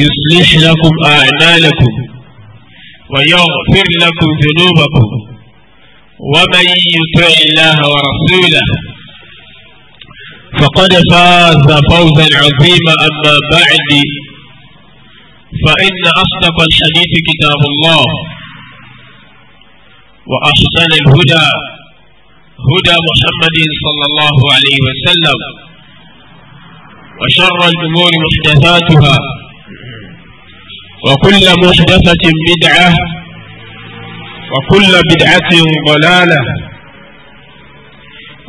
يصلح لكم أعمالكم ويغفر لكم ذنوبكم ومن يطع الله ورسوله فقد فاز فوزا عظيما أما بعد فإن أصدق الحديث كتاب الله وأحسن الهدى هدى محمد صلى الله عليه وسلم وشر الأمور محدثاتها وكل محدثة بدعة وكل بدعة ضلالة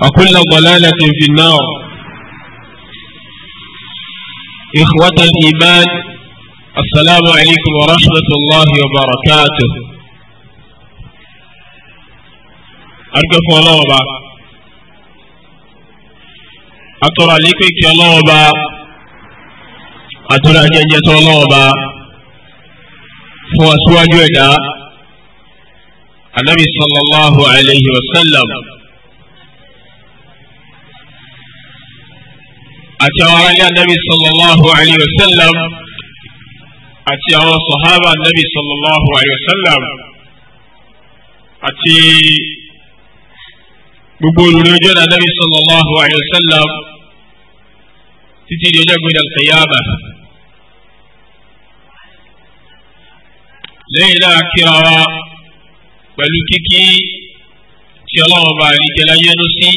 وكل ضلالة في النار إخوة الإيمان السلام عليكم ورحمة الله وبركاته أرجو الله وبا أترى لكم الله وبا أترى جنجة الله وبا fún aṣíwájú ẹ̀dá anabi sallallahu alayhi wa sallam àti àwọn aráàlú anabi sallallahu alayhi wa sallam àti àwọn sahaba anabi sallallahu alayhi wa sallam àti gbogbo olùdójọ́ anabi sallallahu alayhi wa sallam títí di ọjọ́ kẹyàmà. lẹ́yìn náà kíra wa pẹ̀lú kíkí tí ọlọ́run bá àlìkẹ́lá yẹnu sí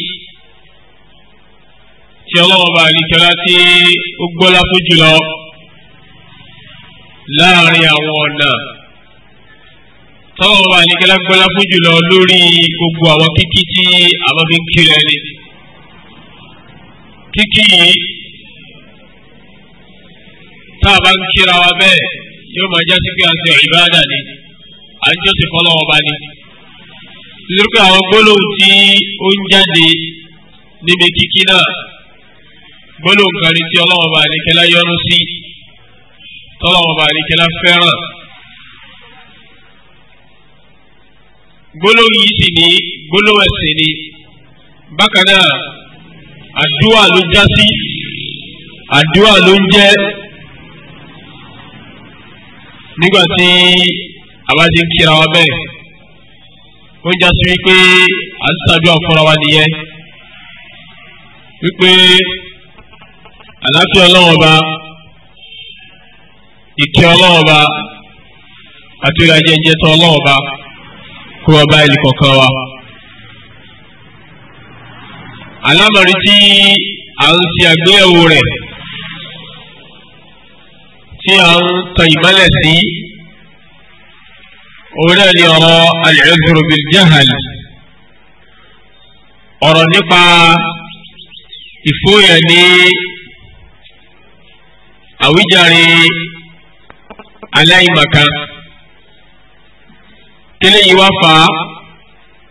tí ọlọ́run bá àlìkẹ́lá tí ó gbọ́lá fún jùlọ láàrin àwọn ọ̀nà tọ́lọ́run bá àlìkẹ́lá gbọ́lá fún jùlọ lórí gbogbo àwọn kíkí tí àwọn fi ń kiri ẹni. kíkí yìí tá a bá ń kíra wa bẹ́ẹ̀ yóò máa jásí pé a ń ṣe ìbáradà ni à ń jọ́sìn fọlọ́wọ́ bá ní. nítorí pé àwọn gbólóhùn tí ó ń jáde níbi kíkí náà gbólóhùn kan ní tí ọlọ́wọ́ bá ní kẹlá yọ́nú sí tọ́lọ́wọ́ bá ní kẹlá fẹ́ràn. gbólóhùn yìí sì ní gbólóhùn ẹ̀sìn ni bákan náà àdúrà ló jásí àdúrà ló ń jẹ́ nígbà tí àbá ti ń kíra wa bẹ́ẹ̀ ó já sí wípé à ń ṣàdúrà fúnra wa nìyẹn wípé àlàáfíà ọlọ́wọ́n ba ìkẹ́ ọlọ́wọ́n ba àti ìrajẹjẹ tán ọlọ́wọ́n ba kó wọ́n bá ẹnì kọ̀ọ̀kan wa alámọ̀rí tí à ń ṣe àgbéyẹ̀wò rẹ̀ tí a ń tan ìmọ́lẹ̀ sí òun náà ni ọ̀rọ̀ al-udhru bil jahl ọ̀rọ̀ nípa ìfóyà ní àwíjàre aláìmọ̀kan kílẹ̀ yìí wá fà á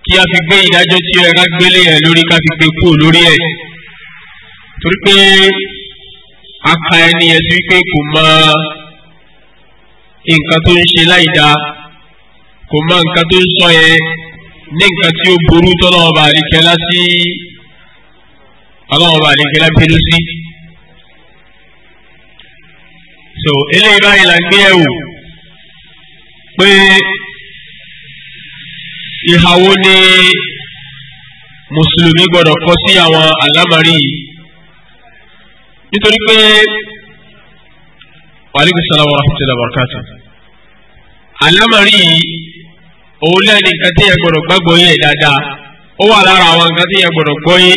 kí a fi gbé ìdájọ́ tí ẹ̀ka gbélé ẹ̀ lórí ká fi gbé kúrò lórí ẹ̀ torí pé aka ẹni yẹn sí pé kò mọ nǹkan tó ń ṣe láìda kò mọ nǹkan tó ń sọ yẹn ní nǹkan tí ó burú tọ́lọ́mọba àríkẹ́lá sí ọlọ́mọba àríkẹ́lá bínú sí. so eléyìí báyìí la gbé ẹ̀wò pé ìhàwó ni mùsùlùmí gbọ́dọ̀ kọ́ sí àwọn àlámọ̀rí yìí nítorí pé wàlíkù sàlámù rahmatulahi barakatu alámàrí yìí òun náà ní nǹkan tí yẹn gbọ́dọ̀ gbàgbọ́ yẹ dáadáa ó wà lára àwọn nǹkan tí yẹn gbọ́dọ̀ gbọ́ yẹ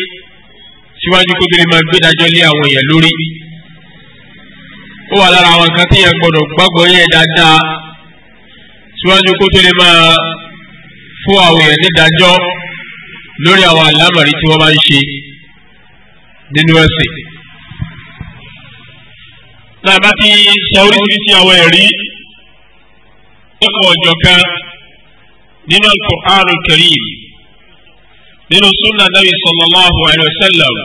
síwájú kó tó lè máa gbé dájọ́ lé àwọn èèyàn lórí ó wà lára àwọn nǹkan tí yẹn gbọ́dọ̀ gbàgbọ́ yẹ dáadáa síwájú kó máa fún àwọn èèyàn nídájọ́ lórí àwọn alámàrí tí wọ́n bá ń ṣe nínú ẹ̀sìn náà bá ti sọ oríṣiríṣi àwọn ẹ̀rí lọ́pọ̀ ọjọ́ kan nínú al-Qur'an al-Karim nínú sunna nabi sallallahu alayhi wa sallam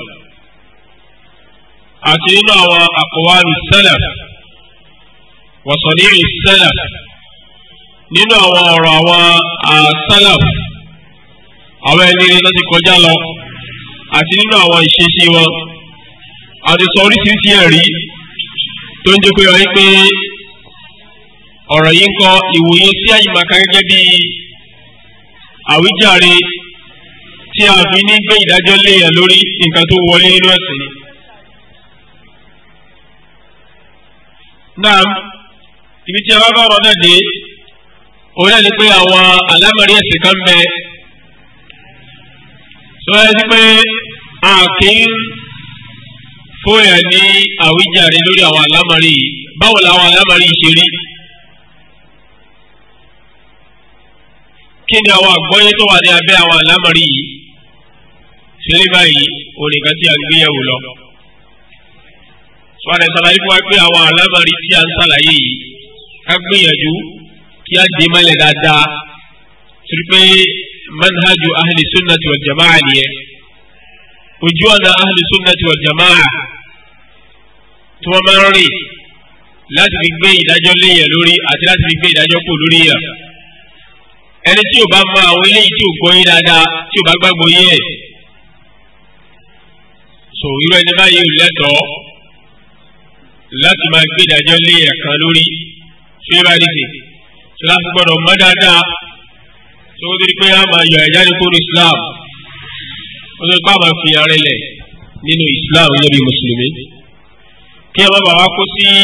àti nínú àwọn aqwalu salaf wa sani'i salaf nínú àwọn ọ̀rọ̀ àwọn salaf àwọn ẹni tó ti kọjá lọ àti nínú àwọn ìṣesí wọn àti sọ oríṣiríṣi ẹ̀rí tó ń jẹ́ pé wáyé pé ọ̀rọ̀ yìí ń kọ ìwòye sí àyìnbáka gẹ́gẹ́ bí àwíjàre tí a fi ní gbé ìdájọ́ léèyàn lórí nǹkan tó wọlé nínú ẹ̀sìn ni. náà ibi tí a bá bá ọ̀rọ̀ náà dé òun náà ni pé àwọn alámọ̀rí ẹ̀sìn kan bẹ sọ ẹ́ sí pé a kì í fún yẹn ní àwíjàre lórí àwọn àlámọ̀rí yìí báwo làwọn àlámọ̀rí yìí ṣe rí. kí ni àwọn àgbọ́yé tó wà ní abẹ́ àwọn àlámọ̀rí yìí sílẹ̀ báyìí onìkan tí a ń gbéyẹ̀wò lọ. sọ̀rọ̀ ìsàlàyé fún wa pé àwọn àlámọ̀rí tí a ń sàlàyé yìí ká gbìyànjú kí a dé mọ́lẹ̀ dáadáa torí pé manhajú ahli sunnati wal jama'a nìyẹn ojú ọ̀nà ahli sunnati wal jama'a tí wọ́n máa ń rìn láti fi gbé ìdájọ́ léyìn lórí àti láti fi gbé ìdájọ́ kù lórí yà ẹni tí ò bá mọ àwọn eléyìí tí ò gbọ́ yín dáadáa tí ò bá gbàgbọ́ yín ẹ̀ so irú ẹni báyìí ò lẹ́tọ̀ọ́ láti máa gbé ìdájọ́ léyìn kan lórí tí ó bá dé sí so láti gbọ́dọ̀ mọ̀ dáadáa tó ó di pé a máa yọ ẹ̀já ní kóró Islam ó sọ pé a máa fi ara rẹ̀ lẹ̀ nínú Islam lórí mùsùlùmí kí ẹ má bàa wá kó sí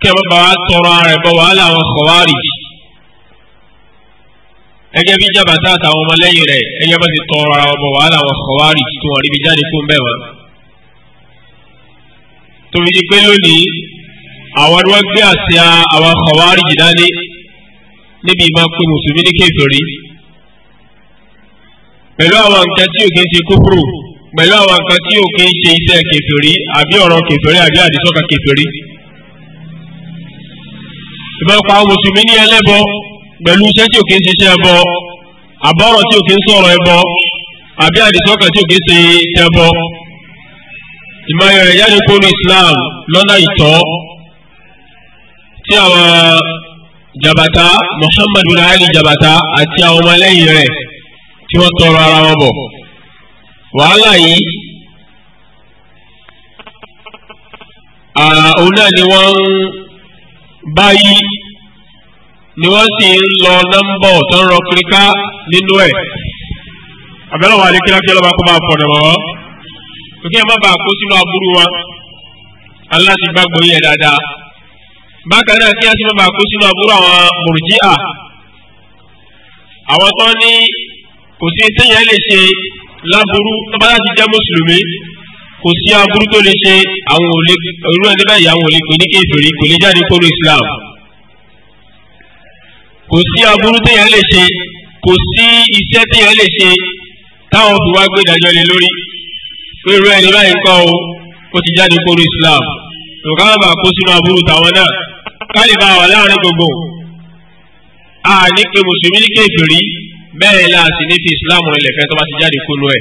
kí ẹ má bàa wá tọrọ ara ẹ bọ wàhálà àwọn kọ̀wárì ẹgẹ́ bí jàbàtà àtàwọn ọmọlẹ́yìn rẹ̀ ẹgẹ́ bá ti tọrọ ara wọn bọ wàhálà àwọn kọ̀wárì tí wọ́n rí jáde fún bẹ́ẹ̀ wọn. torí di pé lónìí àwọn ni wọ́n gbé àsíá àwọn kọ̀wárì jì dání níbi ìmọ̀ pé mùsùlùmí ní kéferì pẹ̀lú àwọn nǹkan tí òkè ti kúfùrù pẹ̀lú àwọn nǹkan tí ò kí ń ṣe iṣẹ́ kèfèrí àbí ọ̀rọ̀ kèfèrí àbí àdìsọ́kà kèfèrí. ìbọ̀pọ̀ àwọn mùsùlùmí ní ẹlẹ́bọ pẹ̀lú iṣẹ́ tí ò kí ń ṣiṣẹ́ ẹbọ àbọ̀rọ̀ tí ò kí sọ̀rọ̀ ẹbọ àbí àdìsọ́kà tí ò kí ṣe ẹbọ. ìmọ̀ràn rẹ̀ jáde kóró Islam lọ́nà ìtọ́ tí àwọn jabata Muhammadu Ali jabata àti àwọn ọmọ ẹlẹ́yìn rẹ̀ tí wọ́n wàhálà yìí òun náà ni wọ́n ń báyìí ni wọ́n sì ń lọ nọ́mbọ̀ tó ń rọ kiri ká nínú ẹ̀ àbẹ̀rẹ̀ wà ní kíláàkì ọlọ́ba kó máa fọ̀nà mọ́ òkè ẹ̀ má bàa kó sínú aburú wọn aláti gbàgbọ́ yẹ dáadáa bákan náà kí á sì má bàa kó sínú aburú àwọn mùrùjíà àwọn tó ní kò sí téèyàn lè ṣe láburú tọ́ba láti jẹ́ mùsùlùmí kò sí aburú tó lè ṣe àwọn òlé irú ẹni báyìí àwọn òlé pè ní kéferì kò lè jáde kóró Islam kò sí aburú téèyàn lè ṣe kò sí iṣẹ́ téèyàn lè ṣe táwọn fi wá gbé ìdájọ́ lé lórí pé irú ẹni báyìí kọ́ o ó ti jáde kóró Islam nǹkan bá kó sínú aburú tàwọn náà káàlì bá wà láàrin gbogbo àní pé mùsùlùmí ní kéferì bẹ́ẹ̀ la sì ní fi islam rẹ̀ lẹ̀fẹ́ tó bá ti jáde kúlú ẹ̀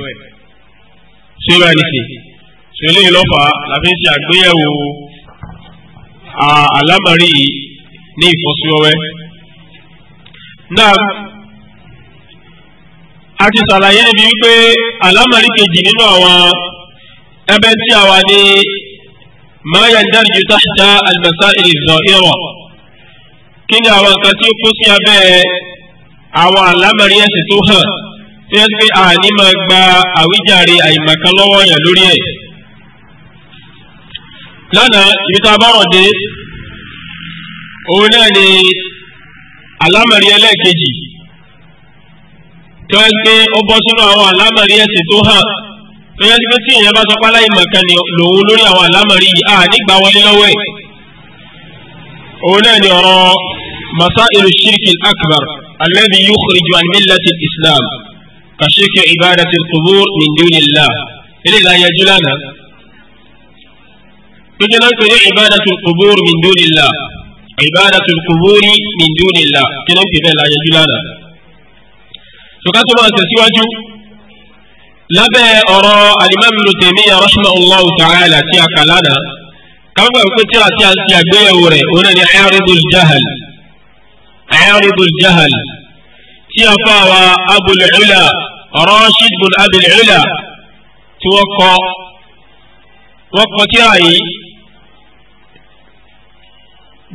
ṣé bá ní sí láfi ń ṣe àgbéyẹ̀wò àlámọ̀rí yìí ní ìfọ́síwọ́wẹ́. náà a ti ṣàlàyé níbi wípé àlámọ̀rí kejì nínú àwọn ẹbẹ tí a wà ní ma yandarju tahta al-masail az-za'ira kí ni àwọn nǹkan tí ó kó sí abẹ́ àwọn àlámọ̀rí ẹ̀sìn tó hàn tí wọ́n ti pé àní máa gba àwíjàre àìmọ̀kan lọ́wọ́ yẹn lórí ẹ̀. lánàá ibi tá a bá rọ̀ dé òun náà ni àlámọ̀rí ẹlẹ́ẹ̀kejì tí wọ́n ti pé ó bọ́ sínú àwọn àlámọ̀rí ẹ̀sìn tó hàn tí wọ́n ti pé tí ìyẹn bá sọ pé aláìmọ̀kan ni lòun lórí àwọn àlámọ̀rí yìí àní gbà wọlé lọ́wọ́ ẹ̀. òun náà ni ọ̀rọ̀ masailu shirki akbar. الذي يخرج عن ملة الإسلام كشرك عبادة القبور من دون الله إلي لا يجلنا كجلنك عبادة القبور من دون الله عبادة القبور من دون الله كجلنك لا يجلنا سكتما تسواج لبى أرى الإمام ابن تيمية رحمه الله تعالى تيا كلانا كما قلت تيا تيا تيا بيوري هنا عارض الجهل àyàrídùn jahal tí a fà wá abulcula rashid bin abulcula tí wọ́n kọ wọ́n kọ tírà yìí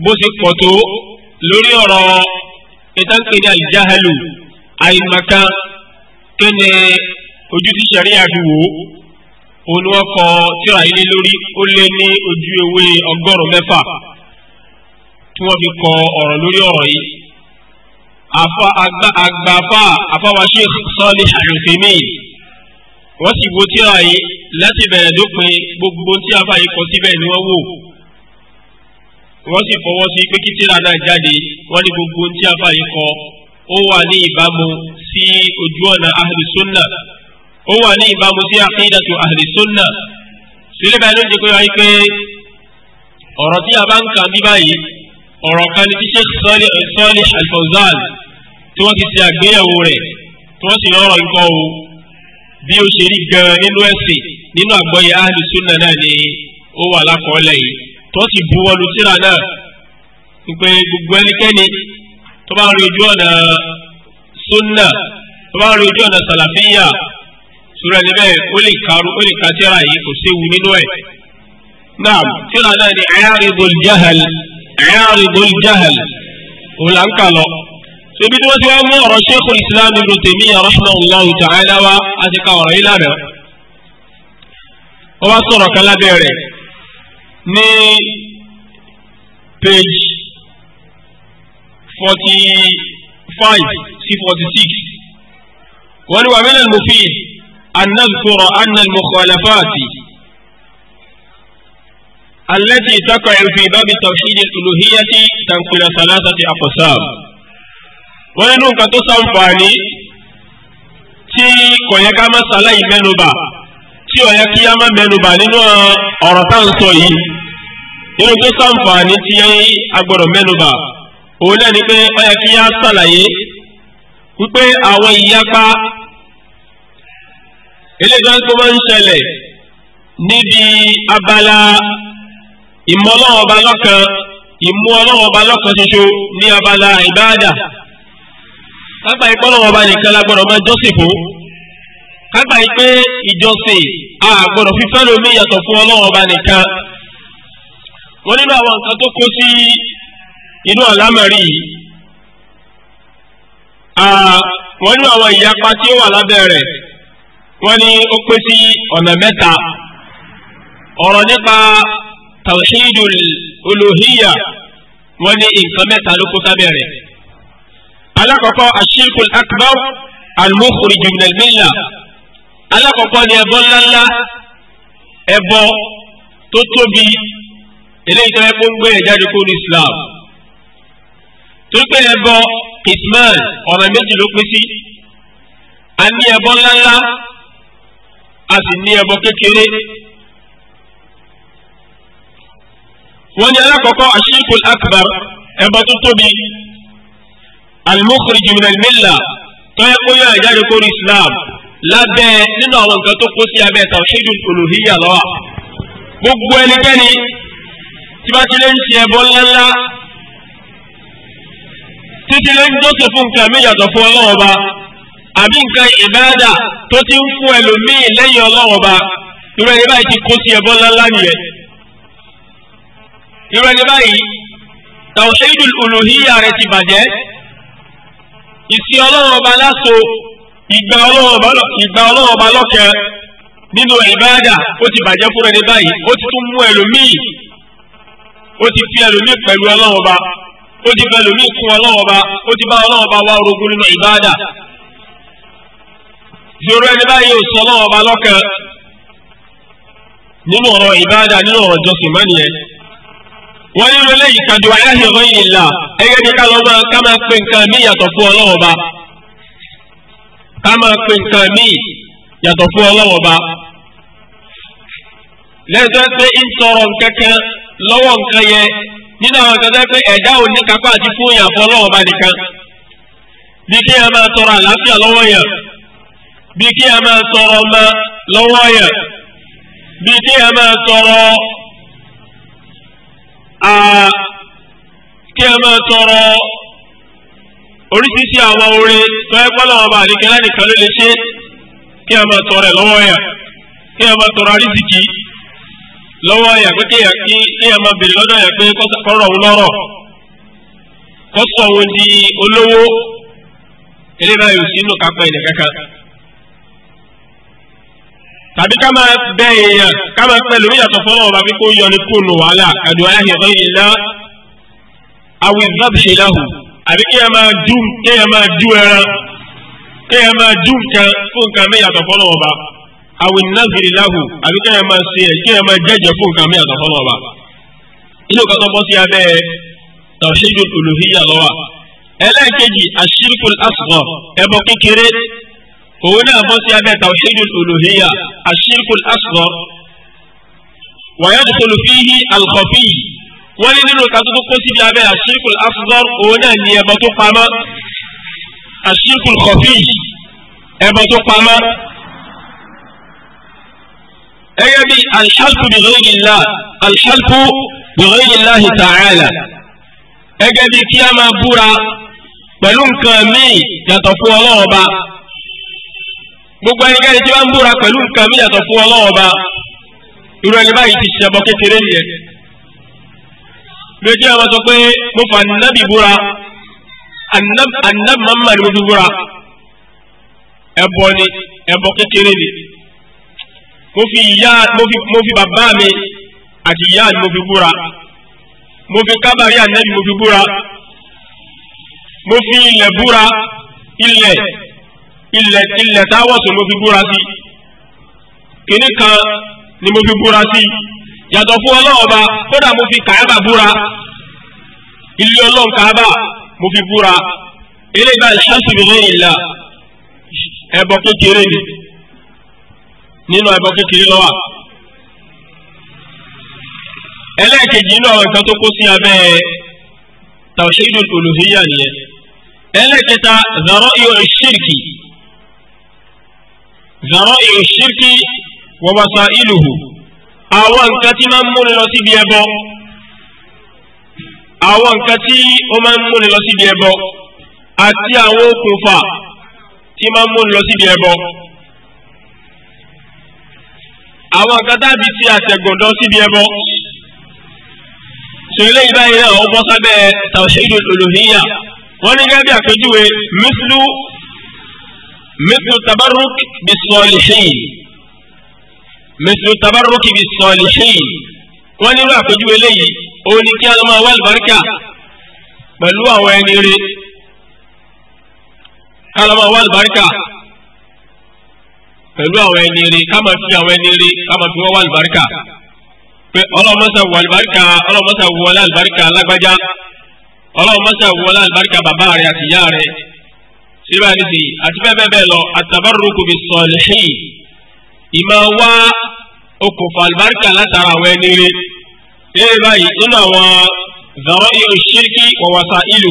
bó ti pọ̀ tó lórí ọ̀rọ̀ ìtànkìdá ìjáhalu àìmọ̀kan kéne ojú tí sẹ̀ríà fi wò ó ni wọ́n kọ tírà yìí lórí ó lé ní ojú ewé ọgọ́rùn-ún mẹ́fà tí wọ́n fi kọ ọ̀rọ̀ lórí ọ̀rọ̀ yìí àfọ àgbàfà àfọwà sheikh Salih Al-Uthaymeen wọ́n sì wo tíra yìí láti bẹ̀rẹ̀ dópin gbogbo tí a fà yìí kọ síbẹ̀ ni wọ́n wò wọ́n sì fọwọ́ sí pé kí tíra náà jáde wọ́n ní gbogbo tí a yìí kọ ó wà ní ìbámu sí ojú ọ̀nà ahlu ó wà ní ìbámu sí aqidatu ahlu sunnah ló ń jẹ́ pé pé ọ̀rọ̀ tí a bá ń kà bí báyìí ọ̀rọ̀ kan ní ti Sheikh Salih al tí wọ́n ti ṣe àgbéyẹ̀wò rẹ̀ tí wọ́n sì rọrọ̀ nǹkan o bí ó ṣe rí gan nínú ẹ̀sìn nínú àgbọ́yé ahlu sunna náà ni ó wà lákọọ́lẹ̀ yìí tí wọ́n sì buwọ́lu síra náà pé gbogbo ẹnikẹ́ni tó bá rí ojú ọ̀nà sunna tó bá rí ojú ọ̀nà sàlàfíyà sùrẹ́ níbẹ̀ ó lè karú ó lè ka síra yìí kò séwu nínú ẹ̀. náà síra náà ni a'ridul jahl a'ridul jahl òun là ń ibi tí wọ́n ti wá mú ọ̀rọ̀ Sheikhul Islam Ibn Taymiyyah rahimahullahu ta'ala wa àti ká ọ̀rọ̀ yìí lánàá wọ́n wá sọ̀rọ̀ kan lábẹ́ rẹ̀ ní page forty five sí forty six wọ́n ní wa min al-mufid an nadhkura anna al-mukhalafat التي تقع في باب توحيد الألوهية wọ́n nínú nǹkan tó sàǹfààní tí kò yẹ ká má ṣàlàyé mẹ́nuba tí ó yẹ kí á má mẹ́nuba nínú ọ̀rọ̀ tá à ń sọ yìí nínú tó sàǹfààní tí a gbọ́dọ̀ mẹ́nuba òun náà ni pé ó kí á ṣàlàyé wípé àwọn ìyapa eléjọ́ tó máa ń ṣẹlẹ̀ níbi abala ìmọ̀ ọlọ́wọ́ ọba lọ́kan ìmú ọlọ́wọ́ lọ́kan ṣoṣo ní abala ìbáàdà kágbà yìí pọ́lọ́wọ́ bá nìkan lágbọ́dọ̀ máa jọ́sìn fún kágbà yìí pé ìjọsìn àgbọ̀dọ̀ fífẹ́ lómi yàtọ̀ fún ọlọ́wọ́ bá nìkan wọ́n nínú àwọn nǹkan tó kó sí inú àlámọ̀rí yìí wọ́n nínú àwọn ìyapa tí ó wà lábẹ́ rẹ̀ wọ́n ní ó pé sí ọ̀nà mẹ́ta ọ̀rọ̀ nípa tawhidul uluhiyya wọ́n ní nǹkan mẹ́ta ló kó sábẹ́ rẹ̀ alákọ̀ọ́kọ́ ashirku akbar al-mukhriju min al-milla alákọ̀ọ́kọ́ ni ẹbọ ńláńlá ẹbọ tó tóbi eléyìí tó yẹ kó ń gbé ẹ̀ jáde kó ní islam tó gbé ẹbọ ismail ọ̀nà méjì ló pín sí a ní ẹbọ a sì ní ẹbọ kékeré wọ́n ní alákọ̀ọ́kọ́ ashirku akbar ẹbọ tó tóbi al-mukhrij min al-milla tó yẹ kó yọ ìjáde kó rí islam lábẹ́ nínú àwọn nǹkan tó kó sí abẹ́ tawhidul uluhiyya lọ́wọ́ gbogbo ẹnikẹ́ni tí bá ti lè ń ṣe ẹbọ ńláńlá títí lè ń jọ́sìn fún nǹkan mi yàtọ̀ fún ọlọ́wọ́ àbí nǹkan ìbáàdà tó ti ń fún ẹlòmíì lẹ́yìn ọlọ́wọ́ irú ẹni báyìí ti kó sí ẹbọ ńláńlá nìyẹn irú ẹni báyìí tawhidul uluhiyya rẹ ti bàjẹ́ ìsí ọlọ́run ọba láso ìgbà ọlọ́run ọba lọ́kẹ́ nínú ìbáàdà ó ti bàjẹ́ fún ẹni báyìí ó ti tún mú ẹlòmíì ó ti fi ẹlòmíì pẹ̀lú ọlọ́run ọba ó ti bẹ lòmíì kún ọlọ́run ọba ó ti bá ọlọ́run ọba wá orogún nínú ìbáàdà ìṣòro ẹni báyìí ò sọ ọlọ́run ọba lọ́kẹ́ nínú ọ̀rọ̀ ìbáàdà nínú ọ̀rọ̀ ìjọsìn mọ́nìyẹn wọ́n nínú eléyìí kàdùn aláhi ọ̀rọ̀ ìlà ẹgẹ́ bí kálọ́ máa ká máa pe nǹkan mí yàtọ̀ fún Ọlọ́hun Ọba ká máa pe nǹkan mí yàtọ̀ fún Ọlọ́hun Ọba lẹ́sọ̀ pé ń tọrọ nǹkankan lọ́wọ́ nǹkan yẹn nínú àwọn kan tẹ́ pé ẹ̀dá ò ní kápá àti fún yàn fún Ọlọ́hun Ọba nìkan bí kí a máa tọrọ àlàáfíà lọ́wọ́ yàn bí kí a máa tọrọ ọmọ lọ́wọ́ yàn bí kí a máa tọrọ a ẹ ma tọrọ oríṣiríṣi àwọn orin tó ẹ gbọ́ lọ́wọ́ bá àdékẹ́ lẹ́nìkan ló lè ṣe kí ẹ máa tọrọ ẹ lọ́wọ́ ẹ̀yà kí ẹ lọ́wọ́ ẹ̀yà pé kí ẹ lọ́dọ̀ ẹ̀yà pé kọ́rọ̀ kọ́sọ̀ di olówó eléyìí báyìí ò sínú tàbí ká máa bẹ èèyàn ká máa pẹ̀lú ìyàtọ̀ fọlọ́wọ́ bá kíkó yọ ní kúnnù wàhálà àdúrà ẹ̀hìn ìlà awi zabṣe lahu àbí kí ẹ máa dú kí ẹ máa dú ẹran kí ẹ máa dú nǹkan fún nǹkan mẹ́yàtọ̀ fọlọ́wọ́ bá awi naziri lahu àbí kí ẹ máa ṣe ẹ kí ẹ máa jẹ́jẹ́ fún nǹkan mẹ́yàtọ̀ fọlọ́wọ́ bá. inú kan tó bọ́ sí abẹ́ tawṣídùn olùhíyà lọ́wọ́ ẹlẹ́ẹ̀kejì àṣírkùn òun náà bọ́ sí abẹ́ tawhidul uluhiyya ashirkul asghar wa yadkhulu fihi al-khafi wọ́n ní nínú kan tó kó síbi abẹ́ ashirkul asghar òun náà ní ẹbọ tó pamọ́ ashirkul khafi ẹbọ tó pamọ́ gẹ́gẹ́ bí alḥalfu bi ghayri Allah alḥalfu bi ghayri Allah ta'ala gẹ́gẹ́ bí kí a máa búra pẹ̀lú nǹkan míì yàtọ̀ fún Ọlọ́run ba gbogbo ẹnikẹ́ni tí bá ń búra pẹ̀lú nǹkan mí yàtọ̀ fún ọlọ́wọ́ ba irú ẹni báyìí ti ṣẹbọ kékeré nìyẹn lójú àwọn sọ pé mo fà nábì búra ànábì màmá ni mo fi búra ẹbọ ni ẹbọ kékeré ni mo fi ìyá mo fi bàbá mi àti ìyá ni mo fi búra mo fi kábàárí ànábì mo fi búra mo fi ilẹ̀ búra ilẹ̀ ilẹ̀ ilẹ̀ táwọ̀sùn mo fi búra sí kìnnì kan ni mo fi búra sí yàtọ̀ fún ọlọ́ọ̀ba kódà mo fi kàába búra ilé ọlọ́run kàába mo fi búra eléyìí báyìí ṣáṣù mi lẹ́yìn ìlà ẹ̀bọ kékeré ni nínú ẹ̀bọ kékeré lọ́wọ́ ẹlẹ́ẹ̀kejì nínú àwọn nǹkan tó kó sí abẹ́ tawhidul uluhiyya nìyẹn ẹlẹ́ẹ̀kẹta zọrọ iyo ṣírkì zọrọ ìṣirkí wọwọsọ ìlúhu àwọn nǹkan tí máa ń múni lọ síbi ẹbọ àwọn nǹkan tí ó máa ń múni lọ síbi ẹbọ àti àwọn okùnfà tí máa ń múni lọ síbi ẹbọ àwọn nǹkan tábí ti àtẹ̀gùndọ́ síbi ẹbọ sèlè ìbáyìí náà ó bọ́ sábẹ́ tàwíṣẹ́ ìdòlòmíyà wọ́n ní gẹ́gẹ́ bí àpèjúwe mísìlú مثل التبرك بالصالحين مثل التبرك بالصالحين wọ́n nírú àpèjúwe léyìí ó ní kí ọlọ́mọ wà lùbáríkà pẹ̀lú àwọn ẹni rí ọlọ́mọ wà lùbáríkà pẹ̀lú àwọn ẹni rí ká máa fi àwọn ẹni rí ká máa fi wọ́n wà lùbáríkà pé ọlọ́mọṣà wọ àlùbáríkà ọlọ́mọṣà wọ ọlá àlùbáríkà lágbájá ọlọ́mọṣà wọ ọlá àlùbáríkà bàbá rẹ̀ àtìyá rẹ̀ síbẹ̀ nídìí àti bẹ́ẹ̀ bẹ́ẹ̀ bẹ́ẹ̀ lọ àtàbárùkù bí sọ̀lẹ́hìn ìmọ̀ wá okùnfà àlùbáríkà látara àwọn ẹni rẹ̀ eré báyìí nínú àwọn zọrọ iyo ṣírkì wọ̀wọ̀sà ìlú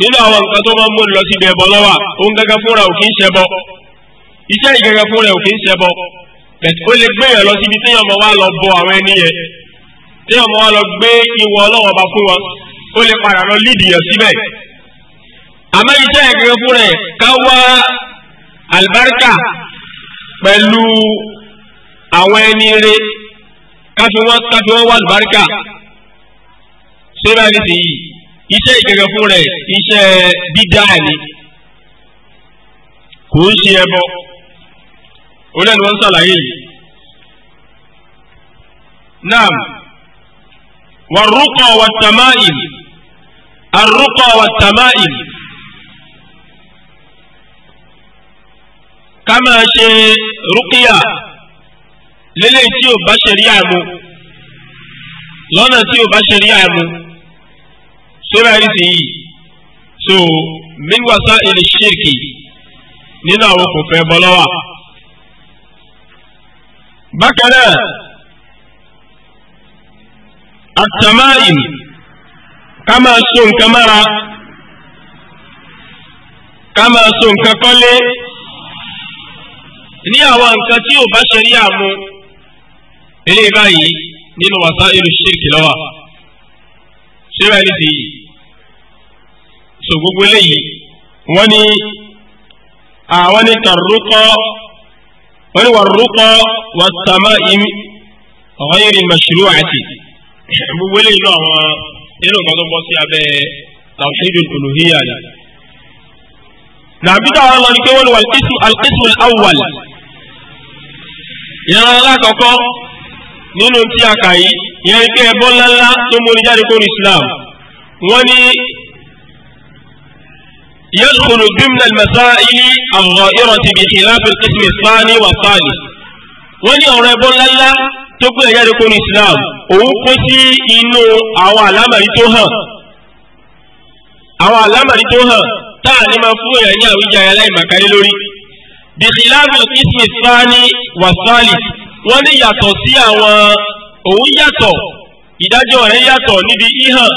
nínú àwọn nǹkan tó máa ń múni lọ sí ibi ẹ̀bọ lọ́wọ́ òun gẹ́gẹ́ fúnra òfin ṣẹbọ iṣẹ́ ìgẹ́gẹ́ fúnra òfin ṣẹbọ bẹ̀t ó lè gbé yẹn lọ síbi téèyàn mọ̀ wá lọ bọ àwọn ẹni yẹn téèyàn mọ̀ wá lọ gbé ìwọ ọlọ́wọ́ bá fún wọn ó lè padà lọ lídìí yẹn síbẹ̀ àmọ́ iṣẹ́ ẹ̀gẹ́gẹ́ fún rẹ̀ ká wá àlùbáríkà pẹ̀lú àwọn ẹni rẹ̀ káfí wọ́n káfí wọ́n wá àlùbáríkà ṣé bá ní sèyí iṣẹ́ ìgẹ́gẹ́ fún rẹ̀ iṣẹ́ dídá ni kò ń ṣe ẹbọ òun ẹni wọ́n yìí. Naam, wàrúkọ̀ wàtàmáìlì, àrúkọ̀ wàtàmáìlì. ká máa ṣe rúkìá lélẹ́yìn tí ò bá ṣẹ̀ríà mu lọ́nà tí ò bá ṣẹ̀ríà mu sórí àìsí yìí so min wasa'il shirki nínú àwọn kò fẹ́ bọ́ lọ́wọ́ bákan náà àtàmáìm ká máa so nǹkan mára ká máa so nǹkan kọ́lé ní àwọn nǹkan tí ò bá ṣẹ̀ríà mu eléyìí báyìí nínú wasailu ṣírkì ló wà ṣíra ní ti sọ gbogbo eléyìí wọ́n ní àwọn ní kàrúkọ wọ́n ní wàrúkọ wàtàmá ìmí ọ̀hán yìí ní mashru'ati gbogbo eléyìí náà wọ́n nínú nǹkan tó bọ́ sí abẹ́ tawhidul uluhiyya ni. nàbí táwọn lọ ní pé wọ́n ní wàlkísù alkísù alawwal ìran alákọ̀ọ́kọ́ nínú tí a kà yìí ìyẹn ni pé ẹbọ ńláńlá ló mú oníjáde kó ní Islam wọ́n ní يدخل ضمن المسائل الغائرة بخلاف القسم الثاني والثالث wọ́n ní ọ̀rọ̀ ẹbọ ńláńlá tó gbé ẹ̀jáde kó ní Islam òun kó sí inú àwọn àlámàrí tó hàn àwọn àlámàrí tó hàn táà ní máa fún èèyàn ní àwíjàre aláìmàkálé lórí bìkìláàbù ismi sani wasali wọ́n ní yàtọ̀ sí àwọn òun yàtọ̀ ìdájọ́ rẹ̀ yàtọ̀ níbi ìhàn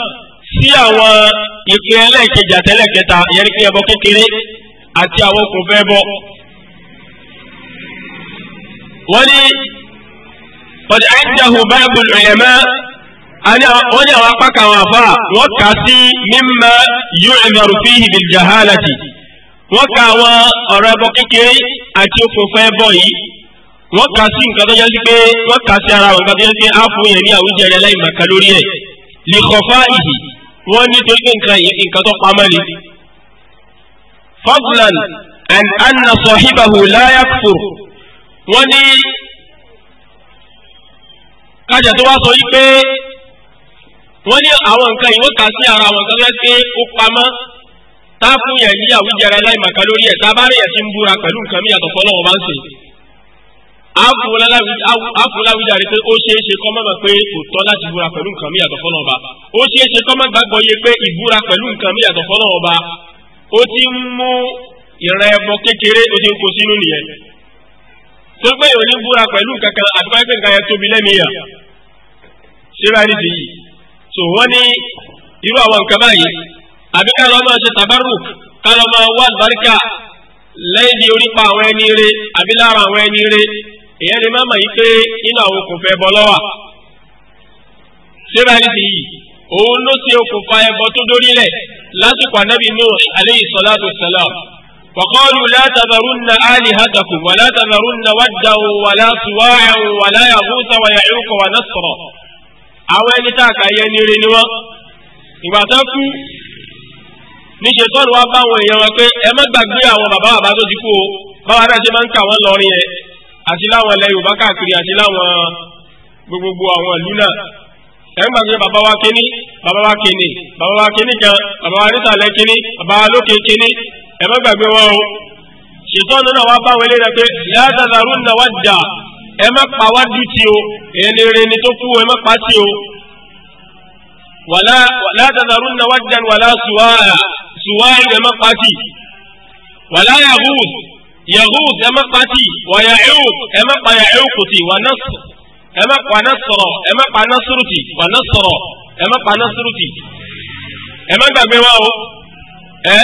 sí àwọn ìpín ẹlẹ́ẹ̀kejì àtẹlẹ́kẹta ìyẹn ní pé ẹbọ kékeré àti àwọn kò fẹ́ bọ. wọ́n ní wọ́n ní báyìí lùlẹ̀mẹ́ wọ́n ní àwọn apá kan àwọn àfa wọ́n kà sí mímọ́ yóò ẹ̀mẹ̀rù fíhì bìl wọ́n ka àwọn ọ̀rọ̀ ẹbọ kékeré àti òfófó ẹbọ yìí wọ́n kà sí nǹkan tó yẹ sí pé wọ́n kà sí ara wọn nǹkan tó yẹ sí pé á yẹn ní àwùjẹrẹ aláìmọ̀kan lórí ẹ̀ lè kọ̀fá ìhì wọ́n nítorí pé nǹkan yìí nǹkan tó pamọ́ ni. fadlan an anna sahibahu la yakfur wọ́n ní kájà tó wá sọ yìí pé wọ́n ní àwọn nǹkan yìí wọ́n kà sí ara wọn nǹkan tó yẹ sí pé ó pamọ́ tá a fún yẹn ní àwùjára aláìmọ̀ká lórí ẹ̀ tá a bá rí ẹ̀sìn búra pẹ̀lú nǹkan mí àtọ̀fọ́ náà wọ́n bá ń ṣe. àfúláwíjàre pé ó ṣeé ṣe kọ́ mọ́mọ́ pé kò tọ́ láti búra pẹ̀lú nǹkan mí àtọ̀fọ́ náà ọba ó ṣeé ṣe kọ́ mọ́ gbàgbọ́ yẹ pé ìbúra pẹ̀lú nǹkan mí àtọ̀fọ́ náà ọba ó ti ń mú ìrẹ́ ẹbọ kékeré ó ti ń kó sínú nìyẹn so wọ́n ní irú àbí ká lọ máa ṣe tàbárù ká lọ máa wá àlùbáríkà lẹ́yìn di orípa àwọn ẹni rẹ̀ àbí lára àwọn ẹni rẹ̀ èyàn lè má mọ̀ yìí pé nínú àwọn okùnfà ẹbọ lọ́wà ṣé báyìí sì yìí òun ló ṣe okùnfà ẹbọ tó dórí rẹ̀ lásìkò ànábì Nuh alayhi salatu wassalam wa qalu la tadharunna alihatakum wa la tadharunna waddan wa la suwa'an wa la yaghutha wa ya'uqa wa nasra àwọn ẹni tá a kà yẹ ní ire ni wọ́n ìgbà tó kú níṣẹ́ tọ́lù wá bá àwọn èèyàn wọn pé ẹ má gbàgbé àwọn bàbá bàbá tó ti kú o báwa náà ṣe máa ń kà wọ́n lọ́rin yẹn àti láwọn ilẹ̀ Yorùbá káàkiri àti láwọn gbogbogbò àwọn ìlú náà ẹ ń gbàgbé bàbá wa kíní bàbá wa kíní bàbá wa kíní kan bàbá wa nítàlẹ̀ kíní bàbá wa lókè kíní ẹ má gbàgbé wọn o ṣètọ́ nínú àwọn abáwọn rẹ pé látàzàrú nà wá jà ẹ má pa wá dú tí o ẹni ni tó kú ẹ má pa tí o wàlá látàzàrú nà wá jà wàlá sùwárà suwaid ẹ má pàtì wàlá yahud yahud ẹ má pàtì wàyà ẹwù ẹ má pa yàẹwù kùtì wà nọọsù ẹ má pa nọọsọrọ ẹ má pa nọọsùrùtì wà nọọsọrọ ẹ má pa nọọsùrùtì ẹ má gbàgbé wa o ẹ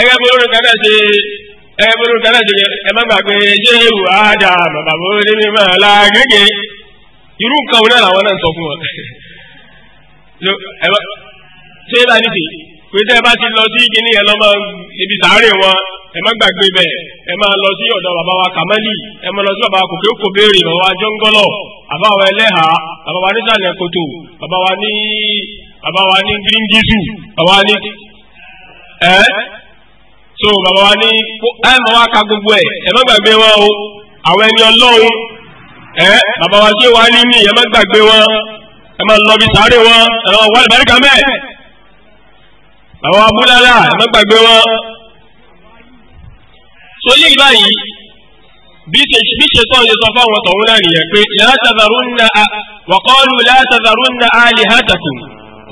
ẹgbẹ́ bí olórí kan náà ṣe ẹgbẹ́ bí olórí kan náà ṣe ẹ má gbàgbé ṣé ewu ada bàbá mi ò ní mi máa la gẹ́gẹ́ irú nǹkan wo náà làwọn náà ń sọ fún wọn ṣé bá ní ti pé tẹ́ ẹ bá ti lọ sí kíní ẹ lọ máa ibi sàárè wọn ẹ má gbàgbé bẹ́ẹ̀ ẹ máa lọ sí ọ̀dọ̀ bàbá wa kàmálì ẹ máa lọ sí bàbá wa kòkè òkò béèrè bàbá wa jọ́ngọ́lọ̀ bàbá wa ẹlẹ́hà bàbá wa nísàlẹ̀ kòtò bàbá wa ní bàbá wa ní gíríngísù bàbá wa ní ẹ so bàbá wa ní ẹ máa wá ka gbogbo ẹ ẹ má gbàgbé wọn o àwọn ẹni ọlọ́run ẹ bàbá wa ṣé wa ní ní ẹ má gbàgbé wọn ẹ má lọ bí sàárè wọn ẹ má wá ìbáríkà mẹ́ẹ̀ àwọn abúlálà ẹ̀mọ́ gbàgbé wọn. so yìí báyìí bí ṣe tọ́ ṣe sọ fáwọn tọ̀hún náà nìyẹn pé látàzàrúnà wàkọ́ọ̀lù látàzàrúnà àlì hàtàkùn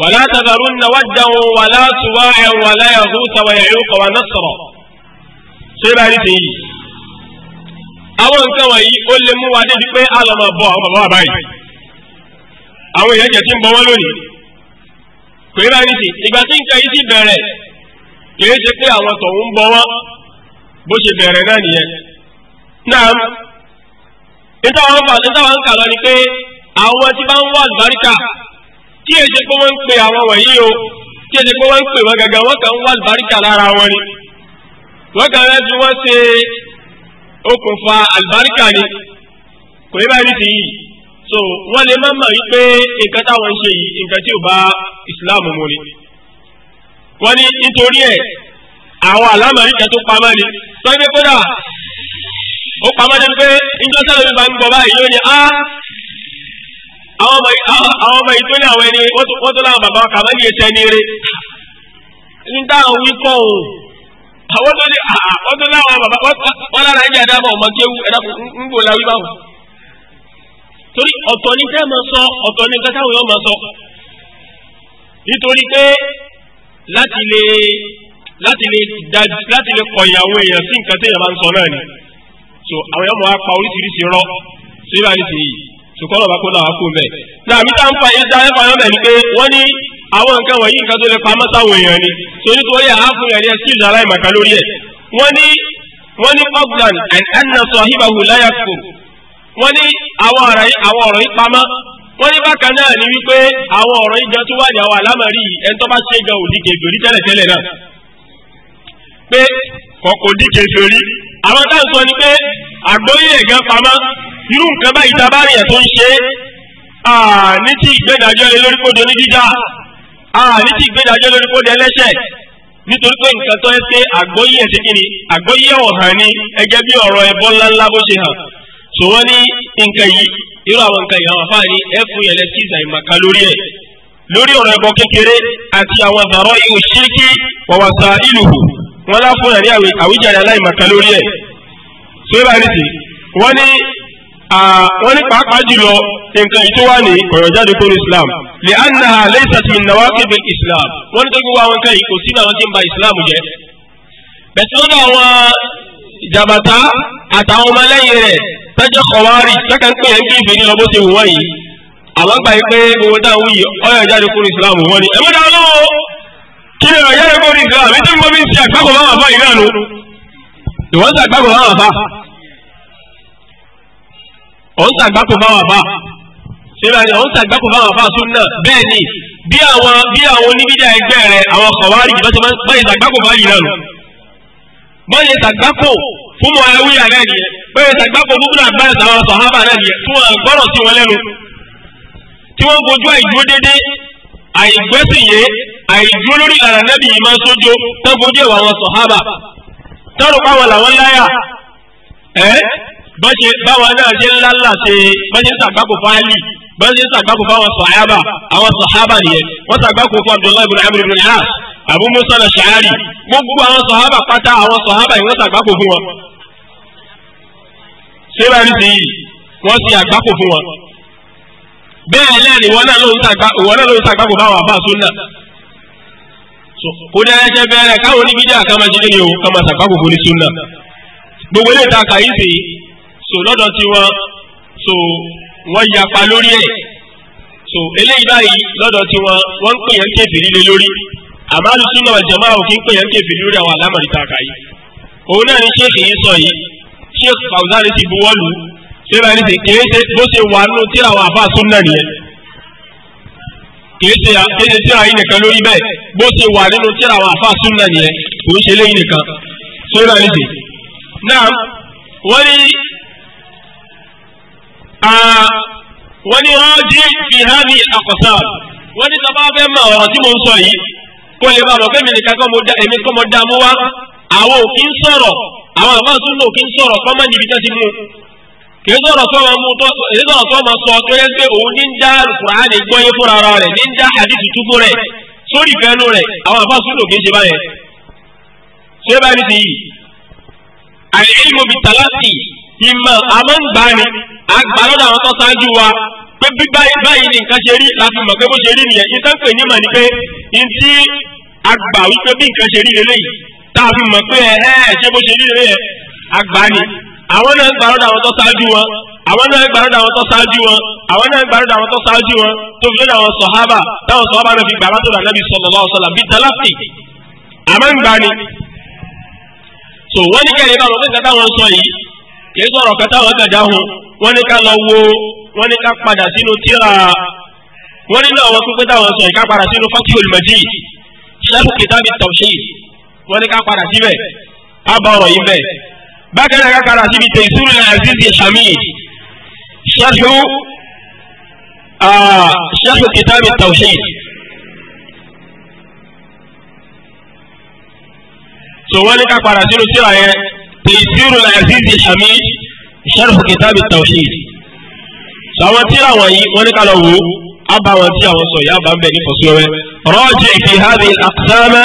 wà látàzàrúnà wàjáwọn wà látùwà ẹ̀wọ̀n wà láyàwó sàwàyà yóò kọ̀ wà náà sọ̀rọ̀ ṣé bá rí tèyí. àwọn nǹkan wọ̀nyí ó lè mú wa débi pé àlọ́ máa bọ̀ àwọn bàbá wa báyìí àwọn èèyàn jẹ̀ tí ń bọ wọn lónìí pé báyìí sí ìgbà tí nǹkan yìí sì bẹ̀rẹ̀ kìí ṣe pé àwọn tọ̀hún ń bọ wọ́n bó ṣe bẹ̀rẹ̀ náà nìyẹn. náà níta fà níta kà lọ ni pé àwọn tí bá ń wá àlùbáríkà kí èyí ṣe pé wọ́n ń pe àwọn wọ̀nyí o kí èyí ṣe pé wọ́n ń pè wọ́n gàgà wọ́n kàn ń wá àlùbáríkà lára wọn ni wọ́n kàn rẹ́ fi wọ́n ṣe okùnfà àlùbáríkà ni kò ní báyìí nìyí so wọ́n lè má mọ̀ wípé nǹkan táwọn ń ṣe yìí nǹkan tí ò bá islam mu ni wọ́n ní nítorí ẹ̀ àwọn àlámọ̀rí kan tó pamọ́ ni sọ pé kódà ó pamọ́ ni pé níjọ́ sẹ́lẹ̀ mi bá ń gbọ́ báyìí yóò ní á ah! ah, àwọn ọmọ yìí tó ní àwọn ẹni wọ́n tó láwọn bàbá kàmá ní ẹsẹ̀ ní eré ní táwọn wí kọ́ o àwọn tó ní àwọn ah, bàbá wọ́n lára ẹ̀jẹ̀ ẹ̀dá mọ̀ ọmọ kéwu ẹ̀dá kò ń gbò láwí báwọn torí ọ̀tọ̀ ní tẹ́ máa sọ ọ̀tọ̀ ní nǹkan táwọn èèyàn máa sọ nítorí pé láti lè láti èèyàn sí nǹkan téèyàn máa ń sọ náà ni so àwọn èèyàn máa pa oríṣiríṣi rọ sí ibà nísìnyí sùkọ́nà bá kó náà kú mẹ́. náà mi táwọn fa ìdá ẹ̀fọ́ ayọ́ mẹ́rin pé wọ́n ní àwọn nǹkan wọ̀nyí nǹkan tó lè pamọ́ sáwọn èèyàn ni so nítorí àáfún yẹn ni ẹsí ìdá aláìmọ̀ká lórí ẹ̀ wọ́n ní wọ́n ní wọ́n ní àwọn ọ̀rọ̀ yìí pamọ́ wọ́n ní bákan náà ni wípé àwọn ọ̀rọ̀ yìí gan tó wà ní àwọn àlámọ̀rí ẹni tó bá ṣe gan òdì kèfèrí tẹ́lẹ̀tẹ́lẹ̀ náà pé kọ̀kọ̀ òdì kèfèrí àwọn táwọn sọ ni pé àgbóyè gan pamọ́ irú nǹkan báyìí tá a bá rìn ẹ̀ tó ń ṣe ní tí ìgbẹ́dàjọ́ lórí kódo ní gíga ní tí ìgbẹ́dàjọ́ lórí kódo ẹlẹ́ṣẹ̀ nítorí pé nǹkan tó ẹ pé àgbóyè ẹ̀sìn kìíní àgbóyè ọ̀hàn ni ẹgẹ́ bí ọ̀rọ̀ ẹbọ ńláńlá bó ṣe hàn sọ wọ́n irú àwọn nǹkan àwọn afáà ní ẹ fún yẹn lẹ́sí ìsà ìmàkà lórí ẹ̀ lórí ọ̀rọ̀ ẹbọ kékeré àti àwọn àzàrọ̀ ihò ṣíríkì wàwàsà ìlùhù wọn lá fún yẹn ní àwíjàre aláìmàkà lórí ẹ̀ sọ bá rí sí wọ́n ní wọ́n ní pàápàá jùlọ nǹkan tó wà ní kọ̀yọ̀jáde kúrò islam lè annaha laysat min nawaqib islam wọ́n ní tó gbogbo àwọn nǹkan kò sí àwọn tí ń ba islam jẹ́ bẹ̀tí wọ́n ní àwọn jàbàtà àtàwọn ọmọlẹ́yìn rẹ̀ tẹ́jọ́ kọ̀wárì tẹ́kẹ̀ ń pè ẹ́ ń bíbí ní ọbọ̀ ti wù wọ́n yìí àwọn gbà yìí pé owó dáhùn yìí ọyọ̀ jáde kúrò ìsìlámù wọ́n ni ẹ̀mí dáhùn lọ́wọ́ kí ni ọ̀yá ẹ̀kọ́ ní ìsìlámù ètò ìmọ̀ mi ń ṣe àgbàkọ̀ bá wà fà yìí lẹ́nu ìwọ́n ṣe àgbàkọ̀ bá wà fà òun ṣe àgbàkọ̀ bá wà fà síra ni òun ṣe àgbàkọ̀ bá wà fà sún náà bẹ́ẹ̀ ni bí àwọn bí àwọn oníbídà ẹgbẹ́ rẹ̀ àwọn kọ̀wárì lọ́sẹ̀ máa ń fún mọ ẹwú yà náà nìyẹn bẹ́ẹ̀ sàgbàpọ̀ búburú àgbáyà àwọn sọ̀hábà náà nìyẹn tí wọ́n gbọ́rọ̀ sí wọn lẹ́nu tí wọ́n gojú àìdúró dédé àìgbẹ́sìnyé àìdúró lórí ìlànà nẹ́bí yìí máa ń sójó tó gojú ẹ̀wọ̀ àwọn sọ̀hábà tọ́rù pa wọn làwọn láyà ẹ́ bọ́n ṣe báwọn náà ṣe ńlá ńlá ṣe bọ́n ṣe fáìlì bẹ́ẹ̀ ni sàgbákò fáwọn sàhábà àwọn sàhábà nìyẹn wọ́n sàgbákò fún abdullahi ibn amr ibn al-as abu musa al-ash'ari gbogbo àwọn sàhábà pátá àwọn sàhábà yìí wọ́n sàgbákò fún wọn. sèrè ní sèyí wọ́n sì àgbákò fún wọn. bẹ́ẹ̀ náà ni wọ́n náà ló ń sàgbákò fáwọn àbá sunna. kó dára jẹ́ bẹ́ẹ̀rẹ̀ káwọn oníbíjà àkàmájídé ni o kàmá sàgbákò fún ní sunna. gbogbo wọ́n yapa lórí ẹ̀ so eléyìí báyìí lọ́dọ̀ tí wọ́n wọ́n ń pè yẹn kèfèrí lé lórí àmọ́ alùsùn náà jẹ̀mọ́ àwọn kì í pè yẹn kèfèrí lórí àwọn àlámọ̀rí ta kàyí òun náà ni ṣéèkì yìí sọ yìí ṣéèkì Fawzani ti buwọ́ lù ṣéèkì yìí ti kéré ṣe bó ṣe wà nù tí àwọn àfa súnà nìyẹn kìí ṣe àkéde tíra yìí nìkan lórí bẹ́ẹ̀ bó ṣe wà nínú tíra àwọn àfa súnà nìyẹn kò ń ṣe léyìn nìkan ṣéèkì ní wọ́n ní rájí fi hádì àkọ́sà wọ́n ní sábà fẹ́ mọ ọ̀rọ̀ tí mo ń sọ yìí kó lè bá ọ̀rọ̀ fẹ́mi nìkan kọ́ mo dá èmi kọ́ mo dá mo wá àwọn òkè ń sọ̀rọ̀ àwọn àbá súnmọ́ òkè ń sọ̀rọ̀ kọ́ mọ́ níbi tẹ́ ti mú kìí sọ̀rọ̀ tó máa mú tó kìí sọ̀rọ̀ tó máa sọ tó yẹ pé òun ní ń dá Kùránì gbọ́yé fúnra ara rẹ̀ ní ń dá àdìsí túbú rẹ̀ sórí ìfẹ́nu rẹ̀ àwọn àbá súnmọ́ òkè ṣe báyẹn ṣé báyìí ti yìí àlẹ́ ìlú mi sí ìmọ̀ àmọ́ǹgbani àgbàlọ́dọ̀ àwọn tó ṣáájú wa pé bí báyìí ni nǹkan ṣe rí láti mọ̀ pé bó ṣe rí nìyẹn nǹkan pè ní mọ̀ ni pé n tí àgbà wípé bí nǹkan ṣe rí lélẹ́yìí tá a fi mọ̀ pé ẹ ẹ ṣé bó ṣe rí lélẹ́yìn àgbàni àwọn náà gbàlọ́dọ̀ àwọn tó ṣáájú wọn àwọn náà gbàlọ́dọ̀ àwọn tó ṣáájú wọn àwọn náà gbàlọ́dọ̀ àwọn tó ṣáájú wọn tó fi lọ́dọ̀ àwọn sọ̀hábà táwọn sọ̀hábà náà fi gbà látọ̀ dà nábì sallallahu alaihi wasallam bíi tẹ́láfì àmọ́ ń gbani. so wọ́n ní kẹ́rin báwọn pé nǹkan táwọn sọ yìí kìí sọ̀rọ̀ kẹta wọn gàdá hun wọ́n ní ká lọ wo wọ́n ní ká padà sínú tíra wọ́n nínú àwọn pípẹ́ táwọn sọ ìká padà sínú Fathul Majid sharh kitab at-tawhid wọ́n ní ká padà síbẹ̀ á bá ọ̀rọ̀ yìí bẹ̀. bákan náà ká padà síbi Taysir al-Aziz al-Hamid sharh sharh kitab at-tawhid. sọ wọ́n ní ká padà sínú tíra yẹn tẹ̀síìrù azizi hamid sharh kitab tawhid sàwọn tíra wọ̀nyí wọ́n ní kálọ̀ wò abba wọn tí àwọn sọ yaba ń bẹ ní fọsíwẹ́wẹ́ rọ́ọ̀jì fi hadhihi al-aqsama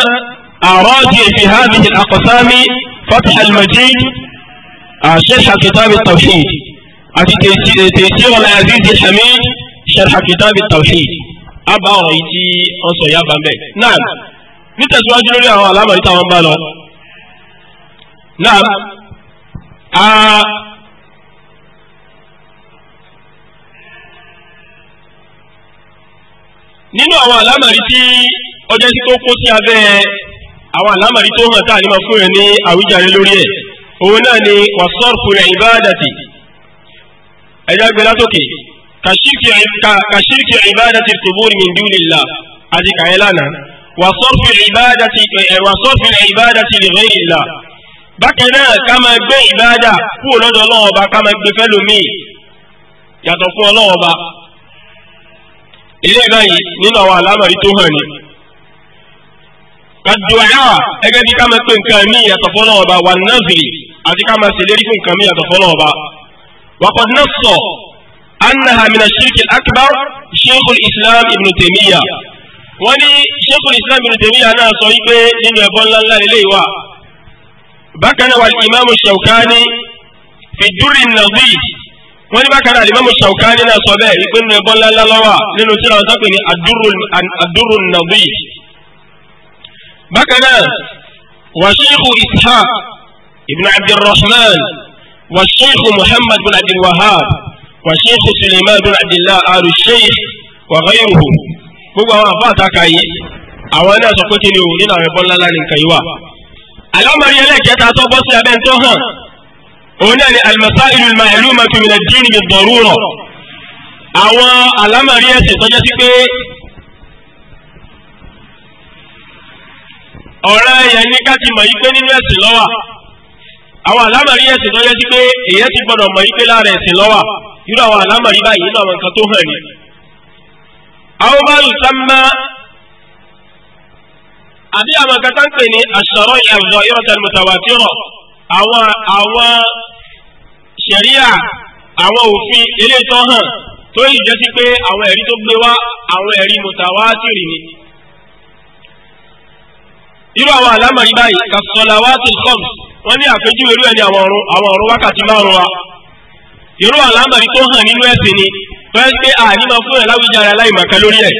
rọ́ọ̀jì fi hadhihi al-aqsami fath al-majid sharh kitab tawhid àti tẹ̀síìrù azizi hamid sharh kitab tawhid abba wọn yìí tí wọ́n sọ yaba ń bẹ náà nítẹ̀síwájú lórí àwọn alámọ̀ نعم، nínú àwọn àlámàrí tí ọjọ́ tí tó kó sí abẹ́ àwọn àlámàrí tó hàn táà ní máa fún ẹ ní àwíjàre lórí ẹ̀ òun náà ni wàsọ́ọ̀fù rẹ̀ ìbáàdàtì ẹ̀dá gbé látòkè kàṣírkì ìbáàdàtì tòbórí min dunillah àti kàyẹ́lánà wàsọ́ọ̀fù ìbáàdàtì lè bákan náà ká máa gbé ìbáàdà kúrò lọ́dọ̀ ọlọ́wọ́ ọba ká máa gbé fẹ́lòmíì yàtọ̀ fún ọlọ́wọ́ ọba ilé báyìí nínú àwọn àlámọ̀rí tó hàn ní. kàdùnà ẹgẹ́ bí ká máa pè nǹkan mí yàtọ̀ fún ọlọ́wọ́ ọba wà nàzìrì àti ká máa ṣèlérí fún nǹkan mí yàtọ̀ fún ọlọ́wọ́ ọba. wàkọ̀ nọ́sọ̀ annaha mina shirki akbar sheikhul islam ibn taymiya wọ́n ní sheikhul islam ibn taymiya náà sọ wípé nínú ẹ̀bọ ńláńlá بكنا والإمام الشوكاني في Ṣaukani النظيف. dúrì nàbí wọ́n ní bákan náà ìmáàmù Ṣaukani náà sọ bẹ́ẹ̀ wípé nínú ẹbọ ńláńlá lọ́wọ́ nínú tí wọ́n sápè ní àdúrù nàbí. bákan náà wàṣíhù ishaq ibn abdulrahman wàṣíhù muhammad bin abdulwahab wàṣíhù suleiman bin abdullah alusheikh wàhayruhu gbogbo àwọn àfáàtà kàyí àwọn náà sọ ni o nínú àwọn ẹbọ ńláńlá nìkan yìí wà alámọ̀rí ẹlẹ́kẹta tó bọ́ sí abẹ́ tó hàn òun náà ni al-masā'ilu al-ma'lūmatu min ad-dīn bid-darūrah àwọn alámọ̀rí ẹ̀sìn tó jẹ́ sí pé ọ̀rọ̀ ẹ̀yẹ ní ká ti mọ̀ yí pé nínú ẹ̀sìn lọ́wà àwọn alámọ̀rí ẹ̀sìn tó sí pé èyẹ ti gbọ́dọ̀ mọ̀ yí pé lára ẹ̀sìn lọ́wà irú àwọn alámọ̀rí báyìí nínú àwọn nǹkan tó hàn ní. àwọn bá sá àbí àwọn kan tán pè ní àṣọrọ ìyàwó yọrọtà mùtàwátìrọ àwọn àwọn ṣẹríà àwọn òfin elétọ hàn tó yìí jẹ́ sí pé àwọn ẹ̀rí tó gbé wá àwọn ẹ̀rí mùtàwátìrì ni. irú àwọn àlámọ̀rí báyìí kàṣọláwátì kọ́ms wọ́n ní àpéjúwe irú ẹni àwọn ọ̀run àwọn ọ̀run wákàtí márùn-ún wa. irú àlámọ̀rí tó hàn nínú ẹ̀sìn ni wọ́n ń gbé ànímọ̀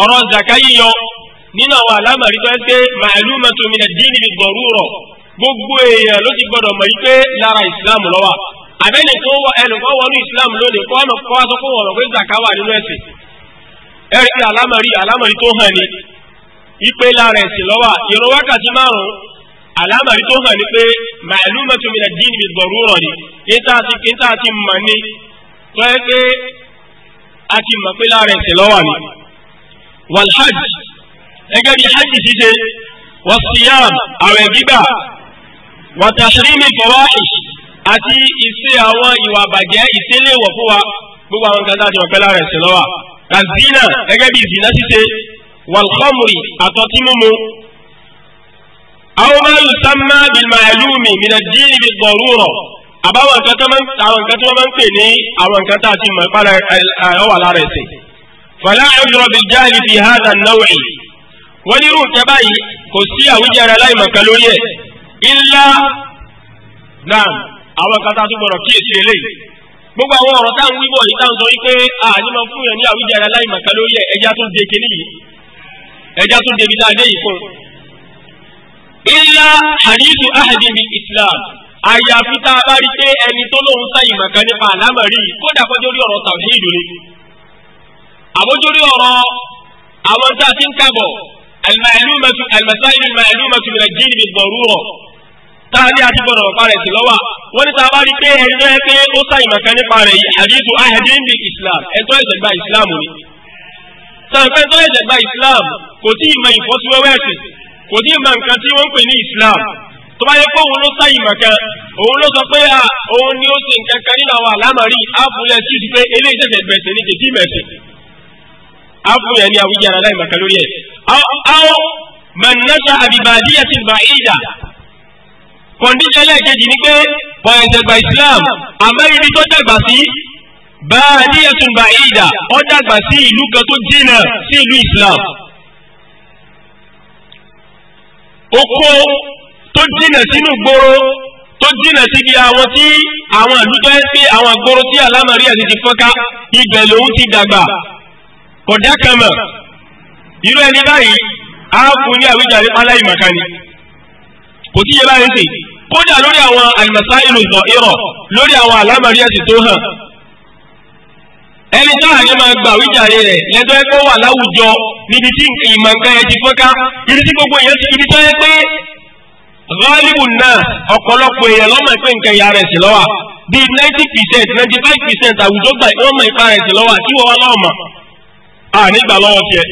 ọ̀rọ̀ zaka yíyọ nínú àwọn alámàrí tó ń pé màálù mẹ́tò mi nàdí níbi gbọ̀rú rọ̀ gbogbo èèyàn ló ti gbọ́dọ̀ mọ̀ wípé lára ìsìlámù lọ́wọ́ àbẹ́ni tó wọ ẹnìkan wọnú ìsìlámù lónìí kọ́ ọmọ kọ́ aṣọ fún ọ̀rọ̀ pé zaka wà nínú ẹ̀sìn ẹ̀rí pé alámàrí alámàrí tó hàn ní ipe lára ẹ̀sìn lọ́wọ́ ìrun wákàtí márùn-ún alámàrí tó hàn ní pé màálù mẹ́tò mi nàdí gbọ̀rú rọ̀ ni kí n tá a ti mọ̀ ni tó yẹ pé a ti mọ̀ pé lára ẹ̀sìn lọ́wọ́ ni walhaj gẹ́gẹ́ bí hajj ṣíṣe wasiyam àwẹ̀ gbígbà wàtàṣírímì fọwáṣì àti ìṣe àwọn ìwà àbàjẹ́ ìṣẹ́lẹ̀wọ̀ fún wa gbogbo àwọn nǹkan láti ọ̀pẹ́ lára ẹ̀sìn lọ́wà kazina gẹ́gẹ́ bí ìzìnà ṣíṣe walhamri àtọtí mímu àwọn máa yù sámá bilmaelumi minadini bidoruro àbáwọn nǹkan tó máa ń pè ní àwọn nǹkan tá a ti mọ̀ ìpàdé ọwà lára ẹ̀sìn fala udra bil jahli fi hadha an-naw'i wọ́n nírú nǹkan báyìí kò sí àwíjàre aláìmọ̀ká lórí ẹ̀ illa náà àwọn kan tá a tún gbọ́dọ̀ kíyèsí eléyìí gbogbo àwọn ọ̀rọ̀ táwọn wíwọ̀ yìí táwọn sọ wípé àní máa fún yàn ní àwíjàre aláìmọ̀ká lórí ẹ̀ ẹja tún de kínní yìí ẹja tún débi tá a dé yìí fún un. hadithu ahadi bil islam àyàfi tá a bá rí pé ẹni tó lóun sáyìn mọ̀ká nípa àlámọ̀rí kódà kọjọ́ àbójórí ọ̀rọ̀ àwọn tá a ti ń kábọ̀ alimẹsáyìn màálùmá tó bẹ̀rẹ̀ jíìnì bí gbọ̀rú rọ̀ tá a ní àti gbọ̀rọ̀ ọ̀pá rẹ̀ sí lọ́wọ́ wọ́n ní tàbá rí pé ẹni tó yẹ pé ó sáyìn màkà nípa rẹ̀ yìí àdídù ahẹ́dín bí islam ẹ̀tọ́ ẹ̀sẹ̀ gba islam ni sàǹfẹ́ tó ẹ̀sẹ̀ gba islam kò tí ì mọ ìfọ́síwẹ́wẹ́ kò tí ì mọ nǹkan tí wọ́n pè ní islam tó bá yẹ ló sáyìn màkà òun ló sọ pé à òun ni ó ṣe nǹkan kan nínú àwọn àlámọ̀rí àfúnlẹ̀ sí ti pé eléyìí tẹ̀sẹ̀ bẹ̀sẹ̀ ní tètè mẹ̀sìn Afu yẹn ni awujara láì màkà lórí ẹ̀ àwọn mẹnasa abibadiya ti bá ìjà kọ̀ndíṣẹ́ lẹ́ẹ̀kejì ni pé bọ̀ẹ̀dẹ̀gbà islam amẹ́rìndí tó dàgbà sí bàdíyà tó bá ìjà ó dàgbà sí ìlú kan tó jìnnà sí ìlú islam oko tó jìnnà sínú gbòòrò tó jìnnà síbi àwọn tí àwọn ìlú tó ń pè àwọn gbòòrò tí alámọ̀rí àti ti fọ́nká ibẹ̀ lòun ti dàgbà kọ̀dá kan mọ̀ irú ẹni báyìí á fún ní àwíjàre aláìmọ̀ká ni kò sí iye báyìí sì kódà lórí àwọn àlùmọ̀sá ìlú ìtọ̀ ìrọ̀ lórí àwọn àlámọ̀rí ẹ̀sìn tó hàn ẹni táwọn àyè máa gba àwíjàre rẹ̀ lẹ́tọ́ ẹ kó wà láwùjọ níbi tí ìmọ̀ká ẹ ti fọ́nká ibi tí gbogbo èèyàn ti ibi tó yẹ pé rọ́ọ̀lìwù náà ọ̀pọ̀lọpọ̀ èèyàn lọ́mọ ìpín nǹkan ìyá rẹ̀ sí lọ́wà bíi ninety percent ninety five percent àwùjọ gbà wọ́n mọ̀ ìpa rẹ̀ sí lọ́wà tí wọ́n wá lọ́ọ̀mọ̀ a lọ́wọ́ tiẹ̀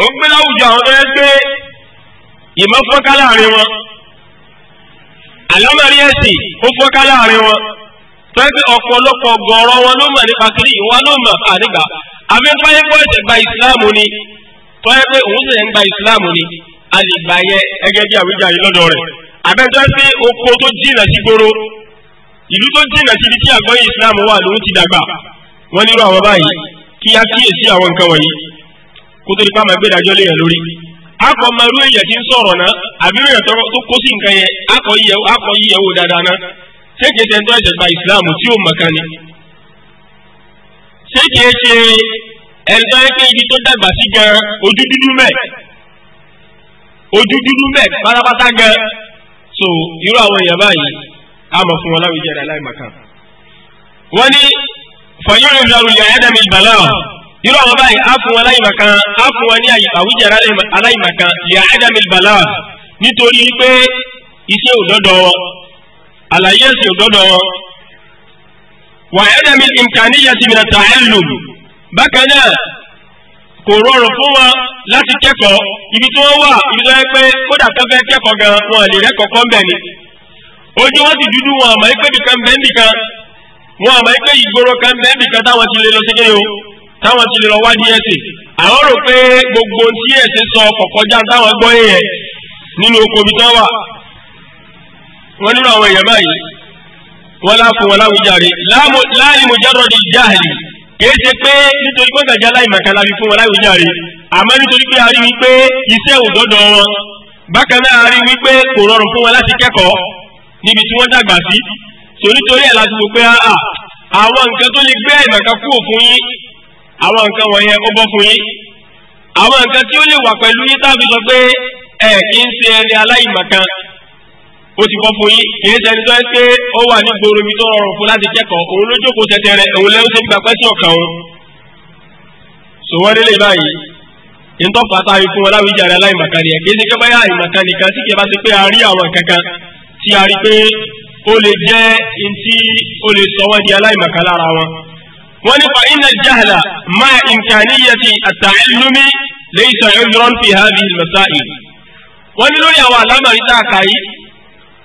ó ń gbé láwùjọ àwọn tó yẹ pé ìmọ̀ fọ́ká láàrin wọn àlámọ̀rí ẹ̀sìn ó fọ́ká láàrin wọn tó ọ̀pọ̀lọpọ̀ gọ̀ọ̀rọ̀ wọn ló mọ̀ nípa kiri ìwọ ló mọ̀ àmì tó yẹ pé gba ìsìláàmù ni tó pé òun sì ń gba ni a lè gbà yẹ ẹgẹ́ bí lọ́dọ̀ rẹ̀ àbẹ́jọ́ sí oko tó jìnà sí ìlú tó jìnà tí ìsìláàmù ti dàgbà wọ́n nírú àwọn kí a kíyèsí àwọn nǹkan wọ̀nyí kó tó di pa máa gbé ìdájọ́ léèyàn lórí akọ máa rú èèyàn tí ń sọ̀rọ̀ náà àbí rú èèyàn tó kó sí nǹkan yẹn akọ yíyẹwò akọ yíyẹwò dáadáa náà ṣé kìí ṣe ń tọ́ ẹ̀ṣẹ̀ gba ìsìláàmù tí ó mọ̀kan ni ṣé kìí ṣe ẹ̀ńtọ́ ẹ pé ibi tó dàgbà sí gan ojú dúdú mẹ́ ojú dúdú mẹ́ pátápátá gan so irú àwọn èèyàn báyìí á mọ̀ fún wọn láwùjọ fọyín ìdáru ilẹ̀ ẹ̀dẹ́mi ìbàlá irú àwọn báyìí á fún wọn aláìmọ̀kan á fún wọn ní àwùjẹ aláìmọ̀kan ilẹ̀ ẹ̀dẹ́mi ìbàlá nítorí pé iṣẹ́ òdodo wọn àlàyé ẹ̀sìn òdodo wọn wà ẹ̀dẹ́mi ìmkàníyàtì mìíràn ta'allum bákan náà kò rọrùn fún wọn láti kẹ́kọ̀ọ́ ibi tí wọ́n wà ibi tó yẹ fẹ́ kẹ́kọ̀ọ́ gan wọn lè rẹ́kọ̀ọ́ kọ́ ni ojú wọn ti dúdú wọn àmọ́ ẹgbẹ́ nìkan bẹ́ẹ̀ nìkan wọn àmọ́ pé ìgboro kan bẹ́ẹ̀bì kan táwọn ti lè lọ ṣégé o táwọn ti lè lọ wádìí ẹ̀sìn àwọn rò pé gbogbo tí ẹ̀sìn sọ kọ̀kọ́já táwọn gbọ́ yẹn nínú oko ibi tán wà wọn nínú àwọn èèyàn báyìí wọn láfún wọn láwùjáre láàyè mo jẹ́rọ di jáàlì kìí ṣe pé nítorí pé gàjà láìmọ̀kan láfi fún wọn láwùjáre àmọ́ nítorí pé a rí wípé iṣẹ́ òdọ́dọ̀ wọn bákan náà a rí wípé kò rọrùn fún wọn láti kẹ́kọ̀ọ́ níbi tí wọ́n dàgbà sí torítorí ẹ̀ láti wò pé àà ah, ah, àwọn nǹkan tó lè gbé àìmọ̀ká kúrò fún yín àwọn nǹkan wọ̀nyẹn ó bọ́ fún yín àwọn nǹkan tí ó lè wà pẹ̀lú yín tàbí sọ pé ẹ̀ kì í ṣe ẹni aláìmọ̀kan ó ti bọ́ fún yín kì í ṣe ẹni tó ń pé ó wà ní gbòòrò ibi tó rọrùn fún láti kẹ́kọ̀ọ́ òun ló jókòó tẹtẹrẹ òun lẹ́yìn tó gbà pẹ́sì ọ̀kan òun. sòwọ́n délé báyìí ìtọ́pàá tá a wọn láwùjọ rẹ aláìmọ̀kan ni ẹ̀ kì í ṣe kẹ́ báyà àìmọ̀kan nìkan tí ó lè jẹ́ ntí ó lè sọ wọ́n di aláìmọ̀ká lára wọn. wọ́n nípa iná jahla máa imkaniyati àtàlùmí laysa udran fi hadhihi al-masail. wọ́n ní lórí àwọn àlámọ̀rí tá a kà yìí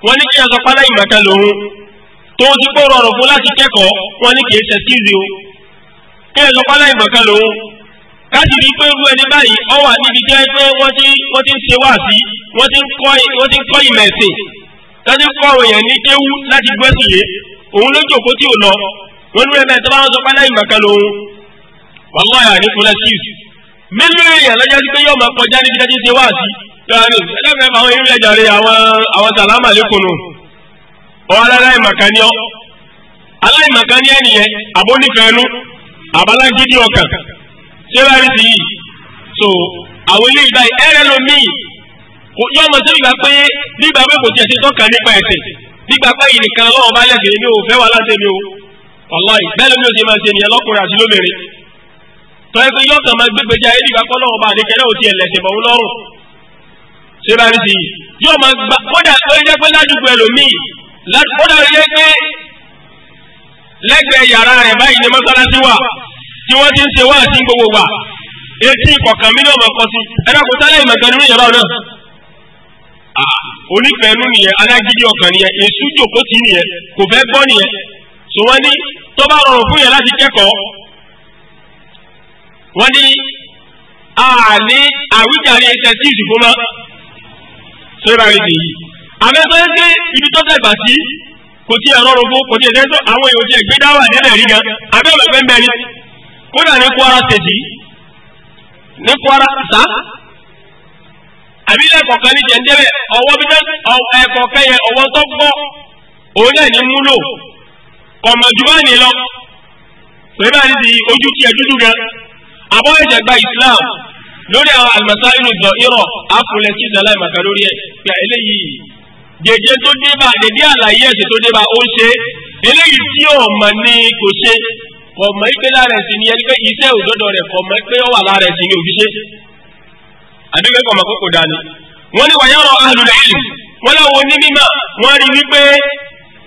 wọ́n ní kí a sọ pé aláìmọ̀ká lòun tó ti kó rọrùn fún láti kẹ́kọ̀ọ́ wọ́n ní kì í ṣẹ́kíìzì o kí a sọ pé aláìmọ̀ká lòun káàdì bíi pé irú ẹni báyìí ọ wà níbi jẹ́ pé wọ́n ti ń ṣe wáàsí wọ́n ti ń kọ́ ìmẹ̀sìn tọ́jú kọ́ àwọn èèyàn ní kéwú láti gbẹ́sùn yé òun ló jòkó tí ò lọ wọn lórí ẹ̀mẹ́ tó bá wọn sọ pé aláìmọ̀ kan lòun wàhálà yà ní fúnlẹ̀ síìs mílíọ̀nù èèyàn lọ́jọ́ sí pé yóò máa kọjá níbi dájú ṣe wá sí ẹlẹ́fẹ̀ẹ́ àwọn eré ẹja rẹ àwọn sàlámà lẹ́kùnù ọ̀hún aláìmọ̀ kan ní ọ́ aláìmọ̀ kan ní ẹnìyẹn àbónífẹ́ẹ́nu àbálágídí ọkàn ṣé láì sí yìí so àwọn eléyìí báyìí ẹ̀rẹ́ lomi kò yọ ọmọ sí gbígbà pé gbígbà pé kò tiẹ̀ ṣe tọ́ka nípa ẹ̀sìn gbígbà pé yìí nìkan lọ́wọ́ bá lẹ́sìn mi ò fẹ́ wà láti mi o wàláì bẹ́ẹ̀ lómi ò ṣe máa ṣe nìyẹn lọ́kùnrin àti lómìnrin tọ́yẹ pé yọ̀ọ̀kan máa gbégbé já ẹ nígbà kọ́lọ́ ọba àdékẹ́ náà ò tiẹ̀ lẹ̀sìn mọ́ lọ́rùn ṣé bá rí sí i yóò máa gba kódà ó yẹ pé ládùúgbò ẹlòmíì kódà ó yẹ pé lẹ́gbẹ̀ẹ́ yàrá rẹ̀ báyìí ni mọ́sálásí wà tí wọ́n ti ń ṣe wá àti gbogbo wà etí ìkọ̀kan mílíọ̀nù ọkọ̀ sí ẹ̀rọ kò sálẹ̀ ìmọ̀kan nínú yàrá náà Ah, onífẹ̀ẹ́nu nìyẹn alágídí ọkàn nìyẹn èṣù jòkó tì í nìyẹn kò fẹ́ gbọ́ nìyẹn sọ wọ́n ní tó bá rọrùn fún yẹn láti kẹ́kọ̀ọ́ wọ́n ní àní àwíjàre ẹsẹ̀ tí ìsìnkú mọ́ sọ́ra rẹ̀ nìyí. àbẹ́tọ́ yẹn pé ibi tó dàgbà sí kò tí ẹ̀ rọrùn fún kò tí ẹ̀ sẹ́ńtọ́ àwọn èèyàn ti ẹ̀gbẹ́ dáwà nílẹ̀ rí gan abẹ́ òmẹ̀fẹ́ mẹ́rin kódà ní Kwara tẹ̀sí ní Kwara sá àbí lẹ́kọ̀ọ̀kan ní jẹ́ńdẹ́bẹ̀ ọwọ́ bí ẹ̀kọ̀ọ̀kan yẹn ọwọ́ tó gbọ́ òun náà ní múlò kọ̀mọ̀júbà ní lọ pẹ̀lú àti ti ojú kí ẹ dúdú gan àbọ̀ ẹ̀jẹ̀ gba Islam lórí àwọn àlùbọ̀sá inú dọ̀ irọ̀ àfúnlẹ̀ sí ìdàlá ìmàkà lórí ẹ̀ pé eléyìí gègé tó dé bá gègé àlàyé ẹ̀sẹ̀ tó dé ó ṣe eléyìí tí ò mọ̀ ní kò ṣe kọ̀mọ̀ ìpè lára ẹ̀sìn ni ẹni pé iṣẹ́ òdodo rẹ̀ kọ̀mọ̀ ìpè ó lára ẹ̀sìn ni òbí àdúgbò ẹ̀kọ́ ọmọ kókò dání wọ́n ní wàyà ọ̀rọ̀ ahlul ilm wọ́n láwọn ní mímọ́ wọ́n rí wípé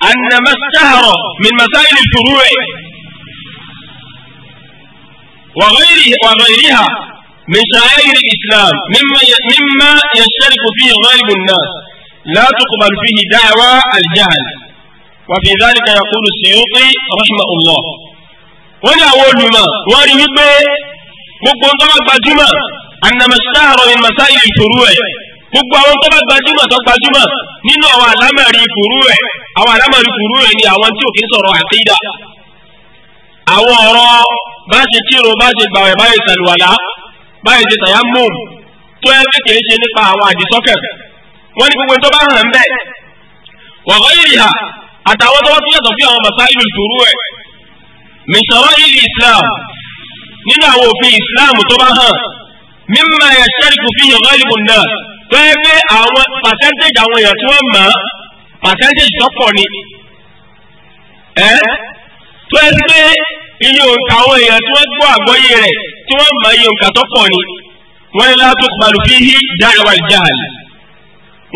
anamastaharo min masail al-furu' wa ghayriha من شعائر الإسلام مما مما يشترك فيه غالب الناس لا تقبل فيه دعوى الجهل وفي ذلك يقول السيوطي رحمه الله ولا أول ما واري gbogbo ń gbajúmọ̀ anamọ̀sáàrọ̀ ni màsá ìlú ìṣòro ẹ̀ gbogbo àwọn tó bá gbajúmọ̀ tó gbajúmọ̀ nínú àwọn àlámẹ̀rí ìfòrú ẹ̀ àwọn àlámẹ̀rí ìfòrú ẹ̀ ni àwọn tí òkè sọ̀rọ̀ àkídà àwọn ọ̀rọ̀ bá ṣe kírun bá ṣe gbàwẹ̀ bá ṣe sàlùwàlá bá ṣe tàyámù tó ẹ pé kìí ṣe nípa àwọn àdìsọ́kẹ̀ wọ́n ní gbogbo tó bá hàn bẹ́ẹ̀ wọ̀gọ́ ìyá àtàwọn tó wọ́n tún yàtọ̀ sí àwọn màsá ìlú ìfòrú ẹ̀ mìsọ̀rọ̀ ìlú Islam nínú àwọn òfin Islam tó bá hàn mímọ yashariku fi hàn ọ́ọ́lìmù náà tó yẹ pé àwọn pàṣẹ́ntéèjì àwọn èèyàn tí wọ́n mọ̀ pàṣẹ́ntéèjì tó pọ̀ ni ẹ́ tó yẹ pé iye òǹkà àwọn èèyàn tí wọ́n gbọ́ àgbọ́yé rẹ̀ tí wọ́n mọ̀ iye òǹkà tó pọ̀ ni wọ́n ní látò balùfíhì dáhàwá ìjáàlì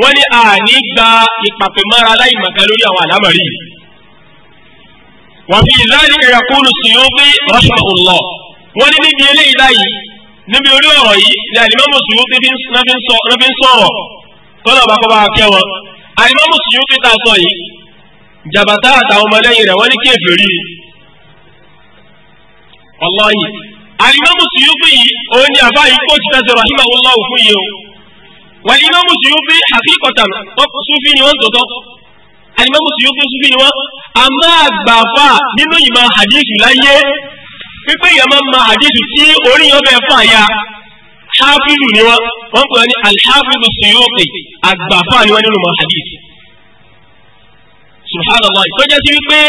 wọ́n ní àní gba ìpàpẹ̀mọ́ra aláìmọ̀kà lórí àwọn àlámọ̀rí wọ́n fi ìlànà ìyàkúrú sí yóò gbé rọ́ṣọ̀ ọ̀lọ́ wọ́n ní níbi eléyìí báyìí níbi orí ọ̀rọ̀ yìí ni àlìmọ́mù sùúrùtì fi ń sọ̀rọ̀ tọ́lá ọba kọ́ bá kẹ́ wọn àlìmọ́mù sùúrùtì ta sọ yìí jàbàtà àtàwọn ọmọlẹ́yìn rẹ̀ wọ́n ní kèfèrí wallahi àlìmọ́mù sùúrùtì yìí òun ni àbá yìí kó ti tẹ̀sẹ̀ rahima wọláwù fún yìí o wọ́n àlìmọ́mù sùúrùtì haqiqatan sufi ni wọ́n ni wọ́n àmọ́ àgbàfà nínú pípé yẹn máa ma àdìsí tí oríyàn bẹ́ẹ̀ fà ya hafizu ni wọn wọn pè wọn ní alhafizu suyuti àgbàfà ni wọn nínú mọ àdìsí subhanallah tó jẹ́ sí wípé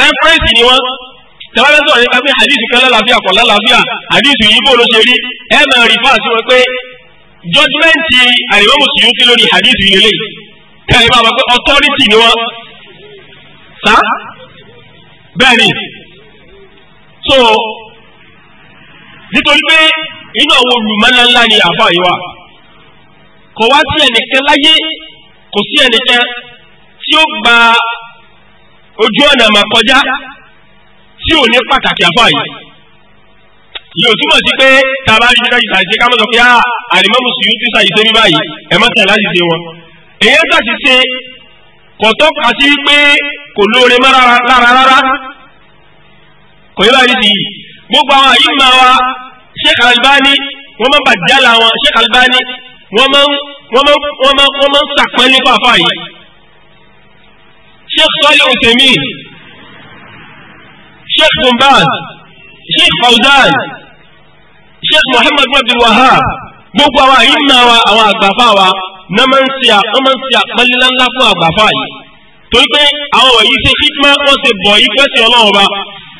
rẹ́fẹ́rẹ́nsì ni wọ́n tẹ́wọ́n sọ̀rọ̀ nípa pé hadith kan lálàáfíà kọ̀ lálàáfíà hadith yìí bó ló ṣe rí ẹ máa rí fáà sí wọn pé jọ́júmẹ́ǹtì àìmọ́mù Suyuti lórí hadith yìí lélẹ̀ kẹ́rin máa bá pé authority ni wọ́n sá bẹ́ẹ̀ ni so nítorí pé inú àwọn olùmọ́lá ńlá ni àbá yìí wà kò wá sí ẹnìkan láyé kò sí ẹnìkan tí ó gba ojú ọ̀nà mà kọjá tí ò ní pàtàkì àbá yìí yóò túmọ̀ sí pé tá rí dídájú tàbí ká mọ̀ sọ pé àlìmọ́mù ah, sì ti ṣàyè ṣe ní báyìí ẹ̀ má tẹ̀ láti ṣe wọn. èyí ń tàṣìṣe kọ̀tọ́ka sí pé kò lóore má rárá rárá kò yẹ báyìí ti yìí gbogbo àwọn àyè máa wa Sheikh Albani wọ́n máa bàjẹ́ àlà wọn Sheikh Albani wọ́n máa ń sàpẹ́ nípa àfa yìí Sheikh Salih Uthaymin Sheikh Bombaz Sheikh Fawzan Sheikh Muhammad bin Abdul Wahhab gbogbo àwọn àyè máa wa àwọn àgbàfà wa náà máa ń ṣe àpọ́nlé ńláńlá fún àgbàfà yìí torí pé àwọn wọ̀nyí ṣe fitma wọ́n ṣe bọ̀ yí pẹ́sì ọlọ́run ba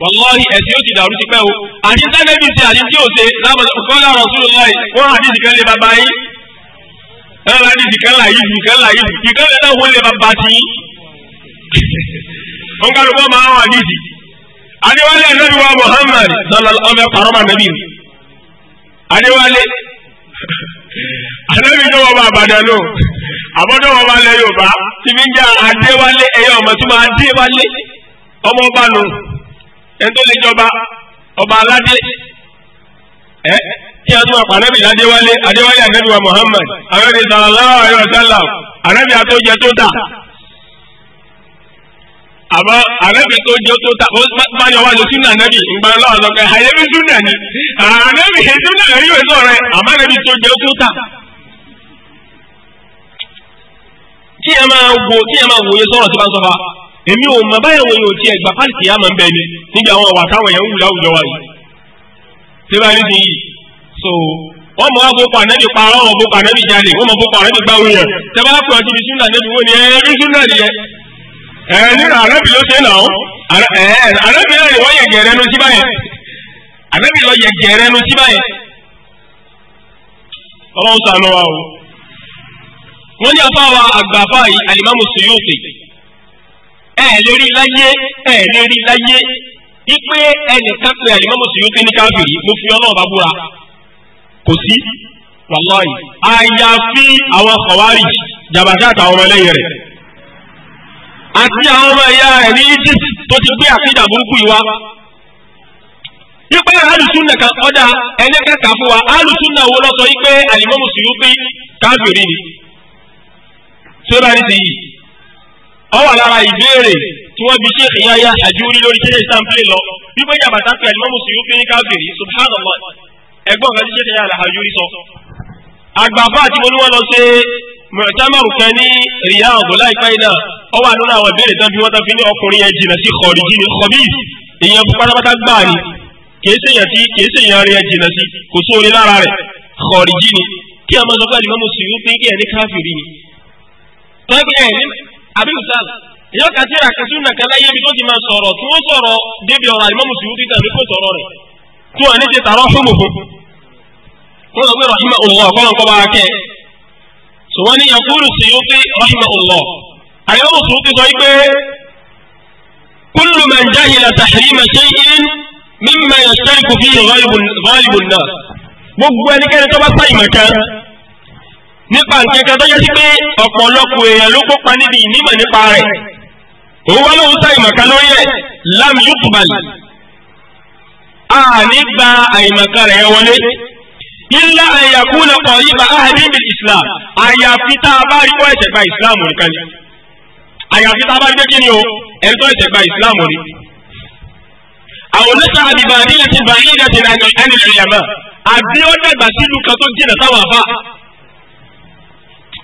wàlọ́ọ̀rì ẹ̀sìn ó ti dàrú ti pẹ́ o àti sẹ́gẹ́bí ti àti tí ò ṣe kọ́lá rọ̀ṣúlù láì wọ́n àti ìdìkan lè bàbá yín ẹ̀rọ àti ìdìkan là yìí ìdìkan là yìí ìdìkan lè náà wọ́n lè bàbá ti yín. wọ́n kálu kọ́ máa wà nídìí. adéwálé anabi wa Muhammad sallallahu ọmọ ẹ̀kọ́ àrọ́mà nàbí mi. adéwálé anabi ní wọ́n bá àbàdàn lò àbọ̀dọ̀ wọn bá lẹ Yorùbá ti fi ń jẹ́ adéwálé ẹ̀yọ́ ọmọ tó máa adéwálé ọmọ ọba nù ẹni tó lè jọba ọba aládé ẹ kí a tún àpá anábì adéwálé adéwálé anábì wa Muhammad anábì sallallahu alaihi wasallam anábì àtọ́jẹ tó tà àmọ́ anábì tó jẹ́ tó ta ó bá yọ wá lọ sínú anábì ìgbà lọ́wọ́ lọ́kọ ẹ̀ àyẹ̀bí súnà ni anábì súnà rẹ̀ yóò sọ̀rọ̀ ẹ̀ àmọ́ anábì tó jẹ́ tó ta. kí ẹ máa wo kí ẹ máa wòye sọ̀rọ̀ tí bá ń sọ fa èmi ò mọ báyàwó yìí ò tiẹ̀ gbà pálíkì yá máa ń bẹ ni níbi àwọn ọ̀wà táwọn èèyàn ń wù láwùjọ wa yìí ṣé bá ti yìí so wọ́n mọ̀ wọ́n bókọ̀ ànábì parọ́ wọ́n bókọ̀ ànábì jalè wọ́n mọ̀ bókọ̀ ànábì gbáwó yẹn tẹ́lá kù ọtí bí súnà níbi wọ́n ni ẹ bí súnà nìyẹn ẹ nínú ànábì ló ṣe náà ẹ ànábì náà ni wọ́n yẹ gẹ̀rẹ́ nu síbáyẹn ànábì lọ yẹ gẹ̀rẹ́ nu síbáyẹn ọlọ́run sànú wa o wọ́n ní afáwa àgbà afáwa yìí E lè rí láyé ẹ lè rí láyé wípé ẹnìkan pé àyìnbó mùsùlùmí ní káfíìrì mo fi ọlọ́run bá búra kò sí wàláì àyàfi àwọn kọ̀wárì jàbàtà àtàwọn ọmọ ẹlẹ́yìn àti àwọn ọmọ ẹ̀yà ní Egypt tó ti gbé àkídà burúkú yìí wá ipe ọ̀dà fún wa wo lọ sọ ipe àyìnbó mùsùlùmí káfíìrì ni tí ó bá ó wà lára ìbéèrè tí wọ́n bi Sheikh Yahya Hajuri lórí kílẹ̀ ìsàmpilé lọ wípé ìjàmbá tápẹ́ àlùmọ́mù sí yóò fi ní káfíìrì subhanallah ẹgbọ́n kan tí Sheikh Yahya Hajuri sọ. àgbàfà àti mo ní wọ́n lọ ṣe mọ̀tẹ́mọ̀rù kan ní Riyadh láìpẹ́ iná ó wà nínú àwọn ìbéèrè tán bí wọ́n tán fi ní ọkùnrin yẹn jìnà sí kọ̀ọ̀dìjì ní kọ̀bíì èèyàn pátápátá gbà ni kí a máa sọ àbí ustaz ìyá kàtí àkàtú nàkà láyé ibi tó ti máa sọ̀rọ̀ tí wọ́n sọ̀rọ̀ débi ọ̀rọ̀ àlùmọ́ mùsùlùmí ti tàbí kò sọ̀rọ̀ rẹ̀ tó wà ní ti tààrọ̀ fún mùfún. wọ́n sọ pé rahima allah kọ́lọ́n kọ́ bá wa kẹ́ ẹ̀. sọ wọ́n ní yankuru siyuti rahima allah. àyẹ̀wò mùsùlùmí sọ pé kullu man jahila tahrima shay'in mimma yashtariku fihi ghalibu an-nas. gbogbo ẹnikẹ́ni tó bá sá ìmọ̀ nípa nkẹ́kẹ́ tó yẹ sí pé ọ̀pọ̀lọpọ̀ èèyàn ló kópa níbi ìnímọ̀ nípa rẹ̀ òun wá lóun sá ìmọ̀ká lórí ẹ̀ lam yukbal àní gba àìmọ̀ká rẹ̀ wọlé illa an yakuna qariba ahadin bil islam àyàfi tá a bá rí kó ẹ̀sẹ̀ gba islam nìkan ni àyàfi tá a bá rí pé kí ni o ẹ̀rí tó ẹ̀sẹ̀ gba islam ni. àwọn oníṣà àdìbàdì lè ti bàyí ìdẹ̀sìn àìlèyàmà àbí ó dàgbà sílùú kan tó jìnà sáwọn àbá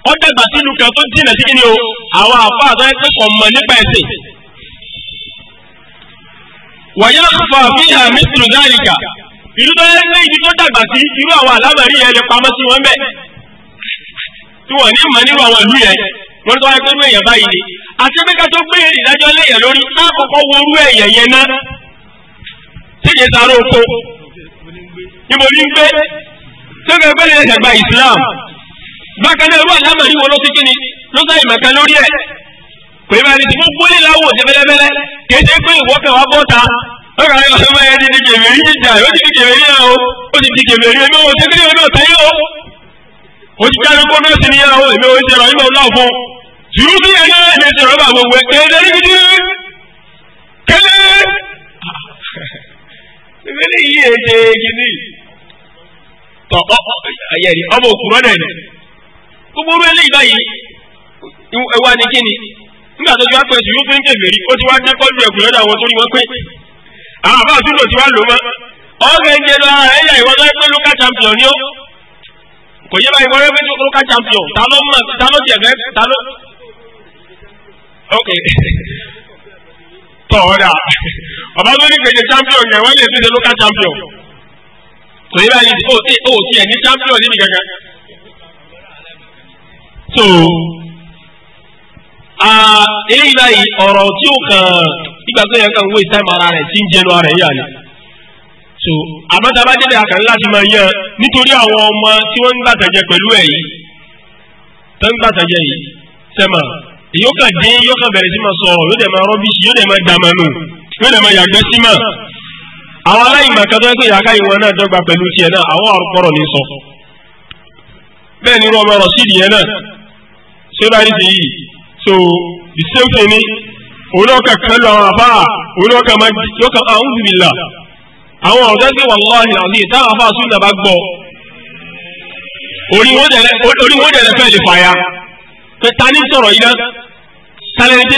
ó dàgbà sílùú kan tó jìnà sí kíni o àwọn àfa àtọ́yẹ kẹ́kọ̀ọ́ mọ̀ nípa ẹ̀sìn. wàyà fà fi hà mísìlù dáríkà ìlú tó yẹ pé ibi tó dàgbà sí irú àwọn àlámọ̀rí yẹn lè pamọ́ sí wọn bẹ́ẹ̀ tí wọ́n ní mọ̀ nírú àwọn ìlú yẹn wọ́n tó wáyé pé ní èèyàn báyìí ni àti pé ká tó gbé ìdájọ́ léèyàn lórí lákòókò wo orú èèyàn yẹn ná tíye sáré oko níbo ní gbé tó kẹ́ bákan náà irú àlámọ̀rí wo ló ti kí ni ló sáyè màkà lórí ẹ̀ pé bá ní ti gbogbo ilé láwò ṣe fẹ́lẹ́fẹ́lẹ́ kéde pé ìwọ kan wá bọ́ta ọkà rẹ ọ̀sẹ̀ mọ́ ẹ ti di kèmèrí jíjà ó ti di kèmèrí náà o ó ti di kèmèrí ẹ̀mí òun ṣe kíni ọdún ọ̀tẹ́ yìí o ó ti jáde kó náà sí ni yàrá o èmi òun ṣe rọ ìmọ̀ ọ̀la òfo tìrú sí yẹn náà èmi ṣe rọ́bà gbogbo ẹ̀ kéde níbi kéde ìbílẹ̀ yìí èdè kìíní tọ̀ ọmọ òkúrọ̀ náà gbogbo orú eléyìí báyìí ẹwà ni kíni nígbà tó ti wá pẹ̀sù yóò tó ń kèfèrí ó ti wá jẹ́ kọ́lù ẹ̀kùn lọ́dọ̀ àwọn tó rí wọn pé àwọn àbá àtúntò ti wá lò mọ́ ọ̀gẹ̀ ń jẹ lọ ara ẹ̀yà ìwọ tó ń pẹ́ local champion ni ó kò yẹ báyìí wọ́n rẹ́ pé local champion ta ló mọ̀ ta ló tiẹ̀ fẹ́ ta ló. ok tọ̀ ọ́ dà ọba tó ní kèje champion yẹn wọ́n lè fi ṣe local champion kò yẹ báyìí ó tiẹ̀ ní champion níbi gẹ́gẹ́. so a báyìí ọ̀rọ̀ tí ó kàn nígbà tó yẹ kàn wé táìmù ara rẹ̀ tí ń jẹnu ara rẹ̀ yà ni so àbátabá jẹ́bẹ̀ láti máa yẹ nítorí àwọn ọmọ tí wọ́n ń gbàtàjẹ pẹ̀lú ẹ̀ yìí tó ń gbàtàjẹ yìí sẹ́mà yóò kàn dé yóò kàn bẹ̀rẹ̀ sí máa sọ̀rọ̀ yóò dẹ̀ ma rọ́bíṣì yóò dẹ̀ yóò dẹ̀ yàgbẹ́ sí mà àwọn tó yẹ pé ìwọ náà dọ́gba pẹ̀lú tiẹ̀ náà àwọn ní sọ bẹ́ẹ̀ ni rọ̀ sídìí yẹn ṣé bá ní sèyí so the same thing ni òun náà kà kán lọ àwọn àbá òun náà kà máa yóò kà àwọn òbíbìlà àwọn ọ̀dọ́ gbé wàláhì àti ìtàwọn àbá sùn nàbà gbọ́ orí wọn dẹ̀rẹ̀ fẹ́ lè fàyà pé ta ní sọ̀rọ̀ yìí náà talẹ́ntì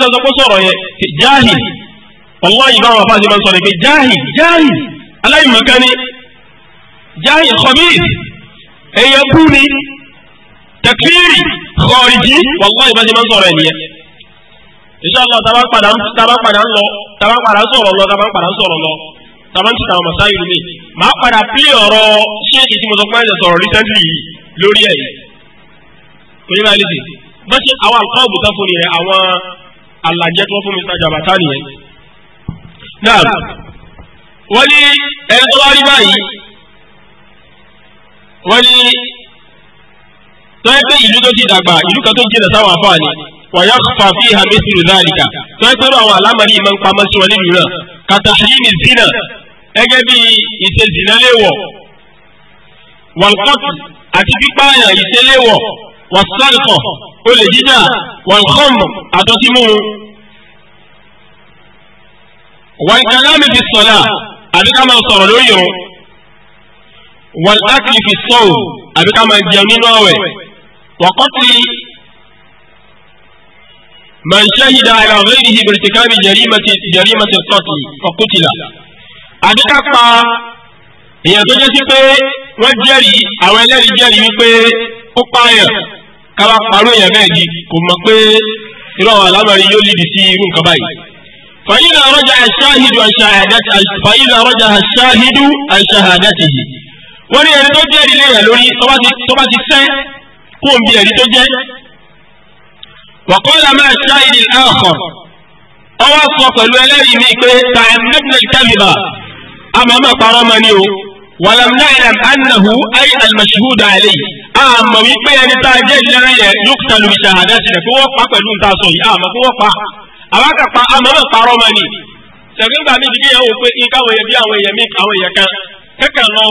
sọ pé sọ̀rọ̀ yẹn jáhì wàláhì báwọn àbá sùn máa ń sọ̀rọ̀ pé jáhì jáhì aláìmọ̀kánni jáhì khabith ẹ̀yẹ bú ni tẹkfíìrì kọ̀ọ̀rìjì wàláhì bá ṣe máa ń sọ̀rọ̀ ẹ̀ nìyẹn. inshallah tàbá padà ń lọ tàbá padà ń sọ̀rọ̀ lọ tàbá padà ń sọ̀rọ̀ lọ tàbá ń ti tàwọn màsáyì lómi. màá padà pílẹ̀ ọ̀rọ̀ ṣé èsì mo sọ pé ẹ̀jẹ̀ sọ̀rọ̀ recently yìí lórí ẹ̀ yìí. kò ní báyìí lè bá ṣe àwọn àlùkọ́ọ̀bù tán fún nìyẹn àwọn àlàjẹ tó fún Mr. Jabata nìyẹn. náà wọ́n ní ẹni tó wá rí báyìí wọ́n ní tọ́yẹ́ pé ìlú tó ti dàgbà ìlú kan tó jìnà sáwọn afọ́ àní wàyà fàfi hàmẹ́sìrì láàríkà tọ́yẹ́ pé àwọn alámọ̀rí ìmọ̀ ń pamọ́ sí wọn nínú kàtà àyíní zina gẹ́gẹ́ bí ìṣe zina léwọ̀ wàlkọ́tù àti pípáyà ìṣe léwọ̀ wàsálkọ̀ olè jíjà wàlkọ́mù àtọ́símú wàlkàlámì fi sọ̀lá àbí ká máa sọ̀rọ̀ lórí òun fi sọ́ọ̀ àbí máa jẹun nínú àwẹ̀ وقتل من شهد على غيره بارتكاب جريمة جريمة القتل فقتل àdìkà pa èèyàn tó وجري sí pé wọ́n jẹ́rìí àwọn ẹlẹ́rìí jẹ́rìí wípé ó pààyàn káwá parọ́ èèyàn di kò mọ̀ pé irú àwọn yóò lìdí sí irú nǹkan báyìí. فإذا رجع الشاهد عن شهادته فإذا رجع الشاهد عن شهادته wọ́n ní ẹni tó jẹ́rìí léèyàn lórí tó bá ti sẹ́ kó n bí ẹ̀rí tó jẹ́. wàkọ́lá máa ṣáìdì àkọ́ ọwọ́ sọ pẹ̀lú ẹlẹ́rìí mi pé tàìmẹ́tìlẹ̀ kẹ́mìbà àmàmà parọ́ ma ni o wàlám náírà annahu ayé almashhuda alayhi àmà wípé ẹni tá a jẹ́ ìlera yẹ yókùtàlù ìṣàhàdá sílẹ̀ kó wọ́n pa pẹ̀lú nta sọ yìí àmà kó wọ́n pa àwákà pa àmàmà parọ́ ma ni sẹ̀gbẹ́ngbà mi dìbí yẹn wò pé nǹkan àwọn èèyàn bí àwọn èèyàn mi àwọn èèyàn kan kẹ́kẹ́ lọ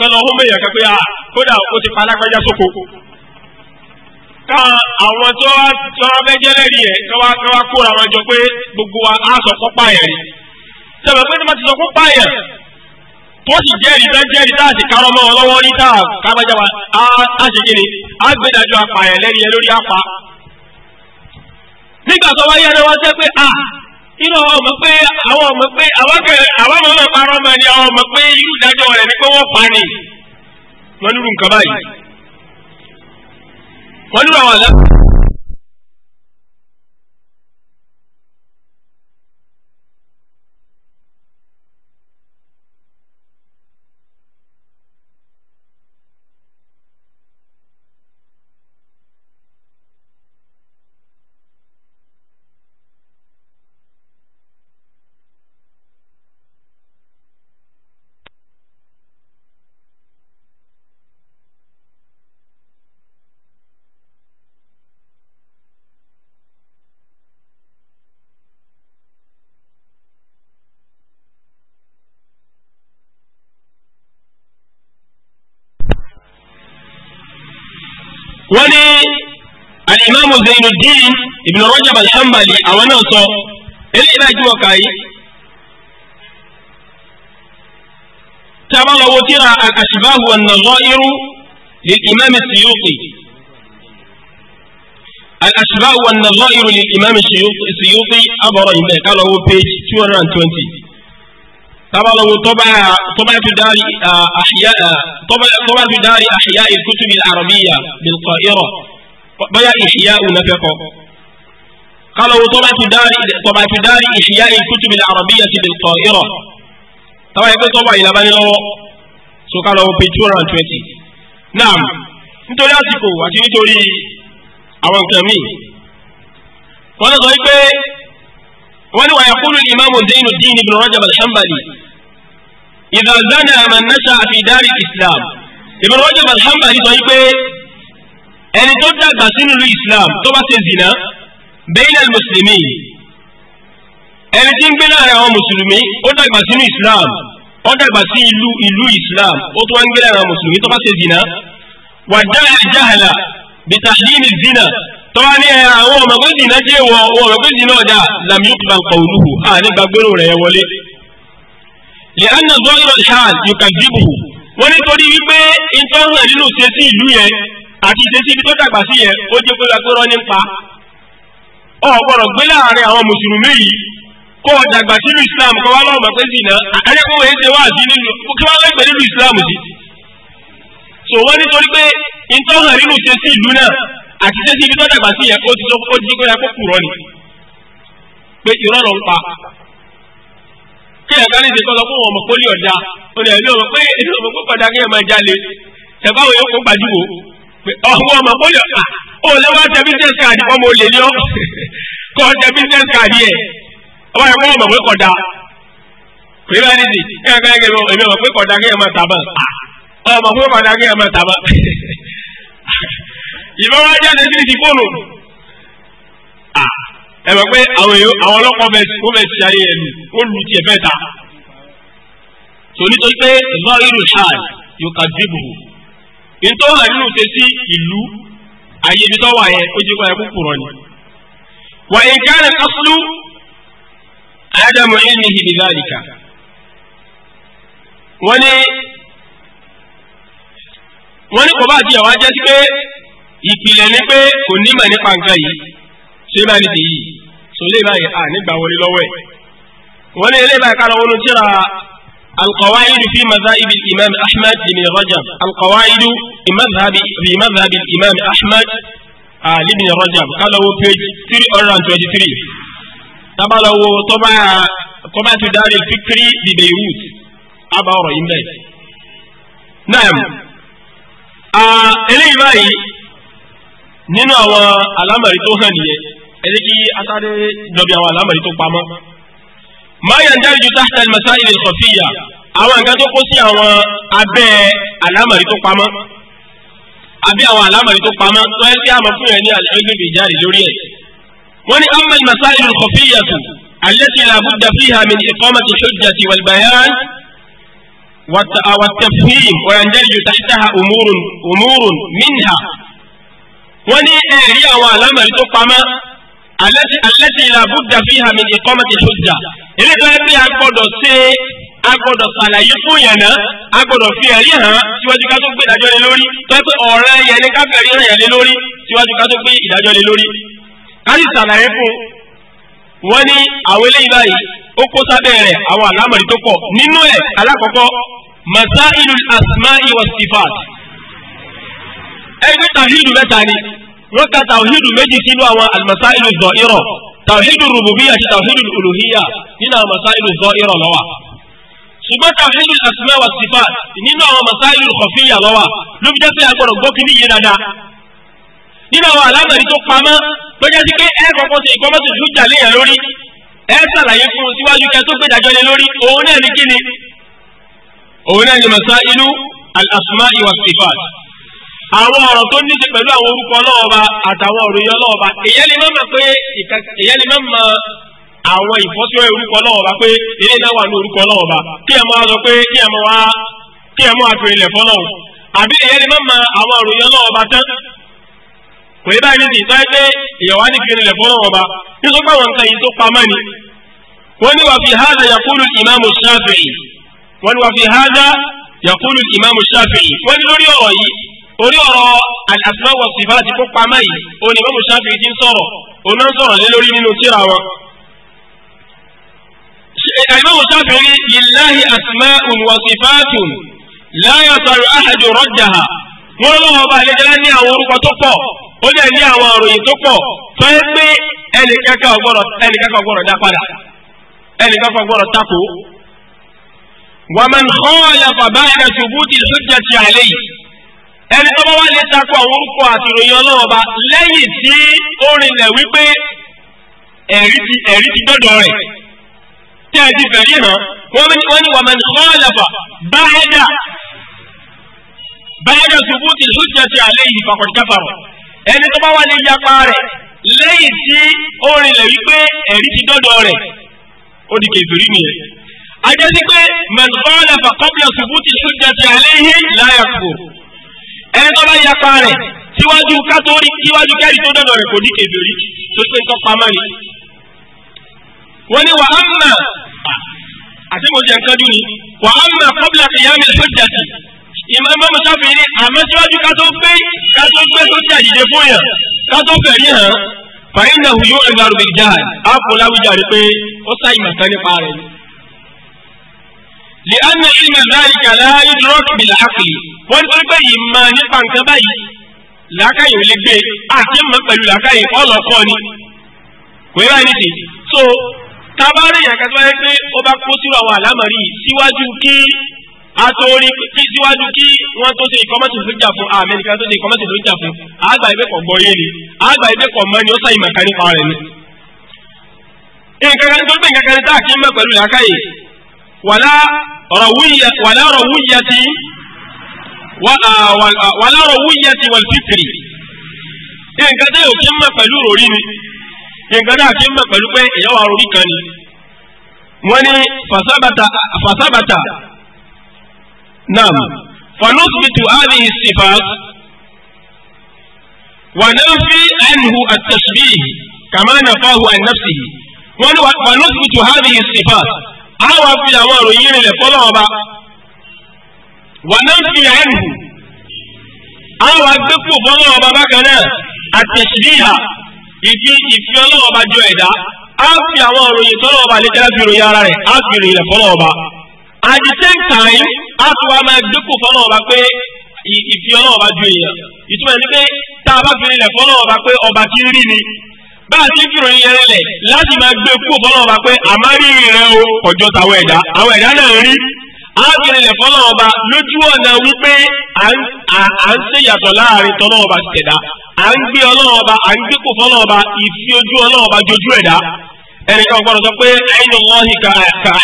kan lọ hómẹ yẹn kẹpẹ a ah, kódà ó ti palágbájá sóko kan àwọn tó wá tó wá fẹ́ jẹ́lẹ́rìí yẹn kan wá kan wá kóra wọn jọ pé gbogbo wa á sọ kópa yẹn ni sọ̀rọ̀ pé nígbà tí sọ kópa yẹn tó sì jẹ́rìí bá jẹ́rìí tá a sì kárọ́ rí tá a kábàjá wa á ṣe kí ni á gbẹdájọ apààyàn lẹ́ni yẹn lórí apá nígbà tó wáyé ẹni wá jẹ́ pé a ah, inú àwọn ọmọ pé àwọn ọmọ pé àwọn ọmọ náà parọ́ máa ní àwọn ọmọ pé irú ìdájọ́ rẹ̀ ni pé wọ́n pa ni wọ́n nírú nǹkan báyìí wọ́n nírú àwọn àlẹ́. wọ́n ní alimami zainuddin ibn rajab alhambali àwọn náà sọ eléyìí náà jùlọ kàá yìí tí a bá lọ wo tíra al-ashbahu wan-nadha'ir lil-imam as al-ashbahu wan-nadha'ir lil-imam as-suyuti abọ̀rọ̀ yìí bẹ́ẹ̀ page two tabalawo tọ́bàtú dari àṣìyá ìkútùbí àrọ̀bíyà bìlkọ̀ ìrọ̀ bóyá ìṣìyá ònàfẹ́kọ̀ kálọ̀wò tọ́bàtú dari ìṣìyá ìkútùbí àrọ̀bíyà bìlkọ̀ ìrọ̀ tàbá yẹ pé tọ́bà ìlàbánilọ́wọ́ so kálọ̀wò page two hundred and twenty. naam nítorí àsìkò àti nítorí àwọn nǹkan míì wọ́n lọ sọ wípé wọ́n ní wàá yaqulu al-imam Zainuddin ibn Rajab al-Hanbali idha zana man nasha'a fi dari islam ibn Rajab al-Hanbali sọ wípé ẹni tó dàgbà sínú ìlú islam tó bá ṣe zina bayna al-muslimin ẹni tí ń gbé láàrin àwọn mùsùlùmí ó dàgbà sínú islam ó dàgbà sí ìlú ìlú islam ó tó wá ń gbé láàrin àwọn mùsùlùmí tó bá ṣe zina wàdá al-jahla bi tahlil az-zina tọ́wá ní ẹ àwọn ọmọ pé zina jẹ́ wọ àwọn ọmọ pé zina ọ̀dà làmì yóò kìlà ń kọ̀ olúhu à nígbà gbèrò rẹ̀ wọlé. lè anna zọ́ọ̀rọ̀ ṣáàl yóò kà dìbò wọ́n ní torí wípé ìtọ́hàn nínú ṣẹ́sí ìlú yẹn àti ṣẹ́sí ibi tó dàgbà sí yẹn ó jẹ́ pé lágbérọ́ nípa. ọ̀ gbọ́dọ̀ gbé láàrin àwọn mùsùlùmí yìí kó o dàgbà sínú islam kó wá lọ́wọ́ àti sẹ́sí ibi tó dàgbà sí yẹn ó ti sọ ó ti kó yẹ kó kúrọ́ ni pé irọ́ ló ń pa kí ẹ̀ka ní ìṣèkọ́ sọ fún ọmọ pólí ọ̀dà ó lè ní ọmọ pé èdè ọmọ pé padà kí ẹ máa jalè tẹ̀fà òye kó gbajúwò pé ọmọ ọmọ pólí ọ̀dà ó lọ́wọ́ tẹ business card ọmọ olè ní ọ kọ́ tẹ business card yẹ ọmọ ẹ̀kọ́ ọmọ pé kọ̀dà pé bá nídìí kí ẹ̀ka ẹ̀kẹ́ ìbá wa jáde sí ti kóòlù ẹ mọ̀ pé àwọn èèyàn àwọn ọlọ́pàá bẹ̀ ó bẹ̀ ṣe ayé ẹ̀lú ó lu tiẹ̀ fẹ́ ta tò nítorí pé lọ́ọ̀rù ṣáàl yóò ká dìbò nítorí hàn nínú ṣe sí ìlú ayé ibi tó wà yẹn ó jẹ́ kó yẹ kó kúrọ̀ ni. wà á ká lè kásúlù ádámù ìní ìdí láàdìkà wọ́n ní wọ́n ní kò bá àti ìyàwó ajẹ́ sí pé ìpìlẹ̀ ni pé kò nímọ̀ nípa nǹkan yìí ṣé bá ní tèyí sọ lè báyìí à nígbà wọlé lọ́wọ́ ẹ̀ wọ́n ní eléyìí báyìí kálọ̀ wọnú tíra القواعد في مذاهب الإمام أحمد بن رجب القواعد في مذهب في مذهب الإمام أحمد بن رجب قال هو page 323 طبعا هو طبعا طبعا دار الفكر ببيروت أبا رئيم نعم آه إليه بáyìí nínú àwọn alámọ̀rí tó hàn nìyẹn ẹni kí asáré lọ́bi àwọn alámọ̀rí tó pamọ́. máyà ń dárí ju tahta al-masail al-khafiyya àwọn nǹkan tó kó sí àwọn abẹ́ alámọ̀rí tó pamọ́ àbí àwọn alámọ̀rí tó pamọ́ tó ẹ sí àmọ́ fún yẹn ní àlẹ́gbẹ̀bẹ̀ ìjáde lórí ẹ̀. wọ́n ní amma al-masail al-khafiyya allati la budda fiha min iqamati al-hujjati wal-bayan والتفهيم ويندرج تحتها أمور أمور منها wọ́n ní ẹ̀rí àwọn àlámọ̀rí tó pamọ́ alẹ́sì alẹ́sì làbúdà fi hàmì ìkọ́mọ̀tì ṣọ́jà eléyìí tó yẹ pé a gbọ́dọ̀ ṣe a gbọ́dọ̀ ṣàlàyé fún yẹn náà a gbọ́dọ̀ fi ẹ̀rí hàn síwájú ká tó gbé ìdájọ́ lé lórí tó yẹ pé ọ̀rẹ́ yẹn ní káfẹ́ rí hàn yẹn lé lórí síwájú ká tó gbé ìdájọ́ lé lórí. káyì ṣàlàyé fún wọn ní àwọn eléyìí báyìí ó kó sábẹ́ rẹ̀ àwọn àlámọ̀rí tó ẹgbẹ́ tàwíìdù mẹ́ta ni wọ́n ka tàwíìdù méjì sínú àwọn almasailu zọ̀ọ́rọ̀ tàwíìdù rububiyya àti tàwíìdù uluhiyya nínú àwọn masailu zọ̀ọ́rọ̀ lọ́wọ́ ṣùgbọ́n tàwíìdù asma wa sifat nínú àwọn masailu khafiyya lọ́wọ́ ló fi jẹ́ pé agbọ̀rọ̀ yé dáadáa nínú àwọn alámọ̀rí tó pamọ́ tó jẹ́ sí ẹ kọ́kọ́ sí ìkọ́mọ́sí àwọn ọ̀rọ̀ tó ní ṣe pẹ̀lú àwọn orúkọ ọlọ́ọba àtàwọn òròyìn ọlọ́ọba èyẹ́ lè má pé èyẹ́ lè má mọ àwọn ìfọ́síwẹ́ orúkọ ọlọ́ọba pé ilé náà wà ní orúkọ ọlọ́ọba kí ẹ máa sọ pé kí ẹ máa wá kí ẹ máa fi ilẹ̀ fọ́nà àbí èyẹ́ lè má mọ àwọn òròyìn ọlọ́ọba tán kò yẹ báyìí nìyí sáré pé ìyàwó á ní orí ọ̀rọ̀ al-asma wa sifati kó pamọ́ yìí ó ní Imam Shafi'i ti ń sọ̀rọ̀ òun náà ń sọ̀rọ̀ lé lórí nínú tírà wọn. Imam Shafi'i lillahi asma'un wa sifatun la yasi'u ahadun raddaha wọ́n lọ́wọ́ ọba àlejò ní àwọn orúkọ tó pọ̀ ó dẹ̀ ní àwọn àròyìn tó pọ̀ tó pé ẹnìkankan ọgbọ́dọ̀ ẹnìkankan ọgbọ́dọ̀ dá padà ẹni tó bá wá lè takò àwọn orúkọ àti ìròyìn ọlọ́run ọba lẹ́yìn tí ó rinlẹ̀ wípé ẹ̀rí ti ẹ̀rí ti dọ́dọ̀ rẹ̀ tí ẹ ti fẹ̀rí hàn wọ́n ní wàmẹ̀ nìkọ́ọ̀lẹ̀fà báyẹ̀dà báyẹ̀dà ṣubú ti lùjẹ́ ti àlẹ́ yìí fàkọ̀tàfàrọ̀ ẹni tó bá wá lè yapa rẹ̀ lẹ́yìn tí ó rinlẹ̀ wípé ẹ̀rí ti dọ́dọ̀ rẹ̀ ó di kèfèrí nìyẹn ajẹ́ sí pé mẹ̀nìkọ́ọ̀lẹ̀fà kọ́bílẹ̀ ṣubú ẹni tó bá yapa rẹ̀ síwájú kátórí síwájú kẹ́rì tó dọ̀dọ̀ rẹ̀ kò ní kèbèrè tó ṣe tó pamọ́ ni. wọ́n ní wà á mà àti mo jẹ́ nǹkan dún ni wà á mà kọ́bílà kìyà mi lọ́jọ́ jàdì ìmọ̀ ẹgbẹ́ mi sáfì ní àmọ́ síwájú kátó gbé kátó gbé tó ti àdìde fún yàn kátó fẹ̀rí hàn fàyínà hùyó ẹgbẹ́ àrùbẹ̀jáde á fún láwùjáde pé ó sáyìn màkà nípa rẹ̀ ni lè á ní ilmà zalika la yudrak bil aqli wọ́n ní pé yìí máa nípa nǹkan báyìí làákàyè ò lè gbé àti mọ̀ pẹ̀lú làákàyè ọlọ́kọ́ ni kò yẹ báyìí nìsí so tabarí yàtọ̀ tó yẹ pé ó bá kó sírò àwọn àlámọ̀rí síwájú kí atori kí síwájú kí wọ́n tó ṣe ìkọ́mọ́sì tó jà fún àmì nìkan tó ṣe ìkọ́mọ́sì tó jà fún àgbà ibẹ̀ kọ̀ gbọ́ yé ni àgbà ibẹ̀ kọ̀ mọ́ ni ó sàyìn màkà nípa ni. nǹkan kan tó gbé nǹkan kan tá a kì í mọ̀ pẹ̀lú làákàyè wàlá rọ̀wúyàtì wàlá rọ̀wúyàtì wàlfitiri nǹkan tẹ́ òkè mọ̀ pẹ̀lú ròrí ni nǹkan tẹ́ òkè mọ̀ pẹ̀lú pé èyàn wà ròrí kan ni wọ́n ní fasabata naam fanusbitu alihi sifat wa nafi anhu at-tashbih kama nafahu an nafsihi wa nusbitu hadhihi sifat a wá fi àwọn ìròyìn rìnlẹ̀ fọ́lọ́ ọba wà náà fi ẹ̀rù a wá gbẹ́kù fọ́lọ́ ọba bákan náà àtẹ̀síríyà ìfi ìfi ọlọ́wọ́ ọba jọ ẹ̀dá a fi àwọn ìròyìn tọ́lọ́ ọba àlejò fi ròyìn ara rẹ̀ a fi ròyìn rẹ̀ fọ́lọ́ ọba at the same time a tún wá máa gbẹ́kù fọ́lọ́ ọba pé ìfi ọlọ́wọ́ ọba jọ èèyàn ìtumọ̀ ẹni pé tá a bá fi fọ́lọ́ ọba pé ọba ti rí ni bá a ti ń fìròyìn yẹn lẹ̀ láti máa gbé kúrò fọlọ́n ọba pé àmárìrì rẹ o ọjọ́ tàwọn ẹ̀dá àwọn ẹ̀dá náà rí ábìrìnlẹ̀ fọlọ́n ọba lójú ọ̀nà wípé à ń ṣèyàtọ̀ láàrin tọ́lọ́n ọba ti tẹ̀dá à ń gbé ọlọ́run ọba à ń gbé kò fọlọ́n ọba ìfi ojú ọlọ́run ọba jojú ẹ̀dá ẹnìkan gbọ́dọ̀ sọ pé ẹ̀yìn lọ́ọ̀hì ka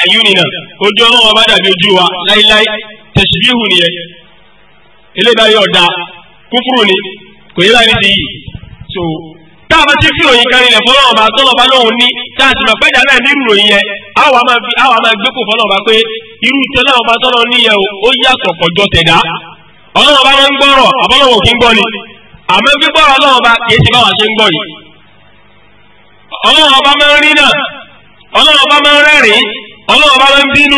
ẹ̀yún nìyẹn ojú ọlọ́run ọba dàbí ojú wa láíláí tẹ̀síbíhù nìyẹn eléyìí báyìí ọ̀dà kúfúrú ni kò yẹ láì ní ti yìí so tá a bá ti fi ròyìn kan ilẹ̀ ọba bá tọ́lọ́ba lóhùn ní tá a sì mọ̀ pẹ́jà náà nírú ròyìn yẹn àwa máa fi àwa máa gbé kò pé irú ọba tọ́lọ́ níyẹn o ó yàtọ̀ pọ̀jọ tẹ̀dá ọlọ́wọ́n bá máa ń gbọ́rọ̀ àbọ́lọ́wọ́ gbọ́ ni àmọ́ gbígbọ́rọ̀ bá kì í báwa ṣe ń gbọ́ yìí bá máa ń rí náà bá máa ń rẹ́rìn-ín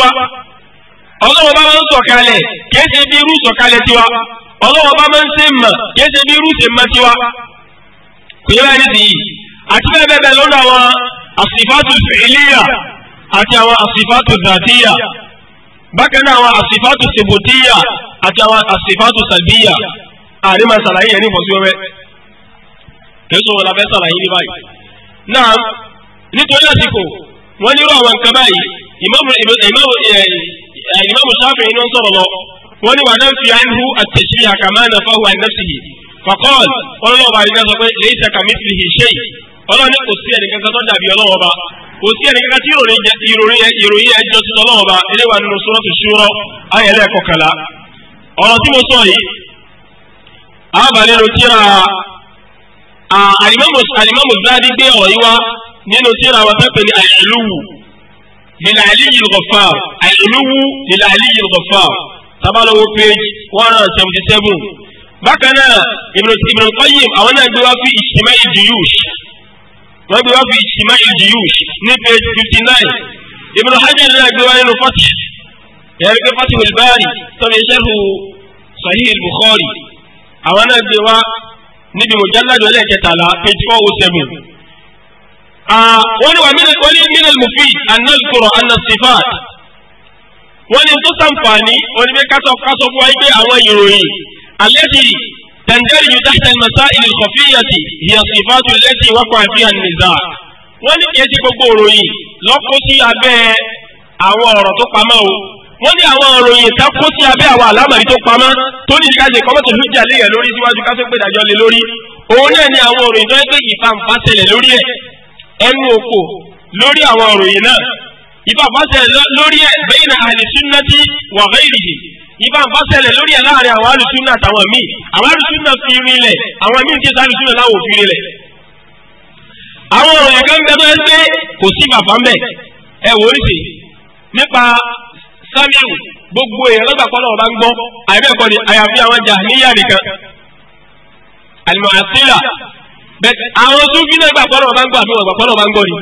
bá máa ń ọlọ́wọ́ bá máa ń sọ̀kalẹ̀ kìí ṣe bí irú sọ̀kalẹ̀ tiwa ọlọ́wọ́ bá máa ń ṣe mọ̀ kìí ṣe bí irú ṣe mọ̀ tiwa kò yẹ báyìí nìyí àti bẹ́ẹ̀ bẹ́ẹ̀ bẹ́ẹ̀ lọ́dọ̀ àwọn àsìfàtù fìlíyà àti àwọn àsìfàtù dàtíyà bákan náà àwọn àsìfàtù sèbòtíyà àti àwọn àsìfàtù sàbíyà àríma sàlàyé yẹn ní ìfọ̀síwẹ́wẹ́ kìí sọ̀rọ̀ la fẹ́ sàlàyé ní báyìí náà nítorí àsìkò wọ́n nírú àwọn nǹkan báyìí ìmọ̀mù ìmáàmù Ṣáfi'í ni wọ́n sọ̀rọ̀ lọ wọ́n ní wàdán fi àìhù àtẹ̀sí àkàmá náà fáwọn àìnásìlì fàkọ́ọ̀lù ọlọ́ọ̀bà àdìgá sọ pé lẹ́yìn sàkàmísìlì ṣe ọlọ́ọ̀ni kò sí ẹnìkan kan tó dàbí ọlọ́ọ̀ba kò sí ẹnìkan kan tí ìròyìn ẹjọ́ ti ọlọ́ọ̀ba eléwà nínú sọ́ọ̀tù ṣúrọ́ ayẹlẹ́ kọkànlá ọ̀rọ̀ tí mo sọ yìí àbálẹ́ ló tíra àlìmọ́mù Zadi gbé ọ̀ yìí wá nínú tíra wọn tẹ́pẹ́ ní àìlúwù lil aliyyil ghaffar al-uluwu lil aliyyil ghaffar tabalawo page one hundred seventy seven bákan náà Ibn Ibn Qayyim àwọn náà gbé wá fi ìṣìmá ìdíyùs wọ́n gbé wá fi ìṣìmá ìdíyùs ní page fifty nine Ibn Hajar náà gbé wá nínú Fath yàrá pé Fath al-Bari tọ́mi ṣẹ́hu Sahih al-Bukhari àwọn náà gbé wá níbi mujallad lẹ́ẹ̀kẹtàlá page four oh seven. Ah, wọ́n ní wọ́n ní minal mufid anazukoro anasifat wọ́n ní tó sànfààní wọ́n ní kásọ̀ kásọ̀ fún wa pé àwọn ìròyìn alẹ́tì tẹ̀ndẹ́rì yóò dáhùn mẹ́sà ìlú kọfíyàtì hiya sifatu lẹ́tì wákọ̀ àfihàn nìza wọ́n ní kìí ti gbogbo ìròyìn lọ́kọ́ sí abẹ́ àwọn ọ̀rọ̀ tó pamọ́ o wọ́n ní àwọn ìròyìn tá kó sí abẹ́ àwọn àlámọ̀rí tó pamọ́ tó ní ìdíkàṣe kọ́mọ́tò lójà lé yẹn lórí síwájú kásọ̀ gbèdàjọ́ lé lórí òun náà ní àwọn ìròyìn tó ń pè ìfàǹfà ṣẹlẹ̀ lórí ẹ̀ ẹnu òkò lórí àwọn òròyìn náà ìbáfàṣẹ lórí ẹ bẹ́yìn àlùsúnnàtì wa ghairihi ìbáfàṣẹlẹ̀ lórí ẹ láàrin àwọn àlùsúnnà àtàwọn míì àwọn àlùsúnnà fi rinlẹ̀ àwọn míì ti sàlùsúnnà láwọn òfin rinlẹ̀. àwọn òròyìn kan bẹ bẹ́ẹ̀ pé kò sí bàbá ń bẹ̀ ẹ wò ó sì nípa samiu gbogbo èèyàn lọ́gbà pọ́nlọ́ ọba ń gbọ́ àyẹ̀bẹ̀ kọ́ni àyàfi àwọn jà níyà nìkan àlùmọ̀ àṣírà bẹ́ẹ̀ àwọn súnfì náà gbà pọ́nà máa ń gbà fún ọ̀gbà pọ́nà máa ń gbọ́ ni.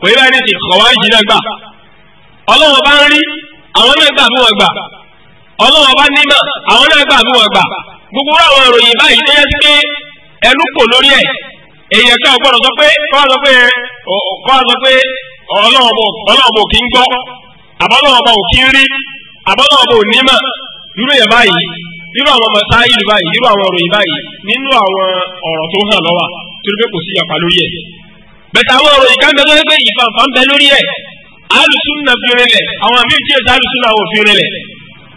kò yẹ báyìí nìsín kọ̀wáìjì náà gbà ọlọ́wọ́ bá ń rí àwọn náà gbà fún ọ̀gbà ọlọ́wọ́ bá nímọ̀ àwọn náà gbà fún ọ̀gbà gbogbo àwọn ìròyìn báyìí tó yẹ sí pé ẹnu kò lórí ẹ̀ èèyàn ká ọgbọ́dọ̀ sọ pé kọ́wá sọ pé kọ́wá sọ pé ọlọ́wọ́ kì í gbọ́ àbọ́lọ́wọ́ kì í rí àbọ́lọ́wọ́ nímọ̀ dúró yẹ báyìí irú àwọn ọmọ sáyìlì báyìí irú àwọn ọ̀ròyìn báyìí nínú àwọn ọ̀rọ̀ tó hàn lọ́wà tí ó pé kò sí ìyapa lórí ẹ̀ bẹ̀tẹ̀ àwọn ọ̀ròyìn kan bẹ tó pé ìfànfà ń bẹ lórí ẹ̀ alùsùnà fi rinlẹ̀ àwọn àmì ìdíyẹ sí alùsùnà wò fi rinlẹ̀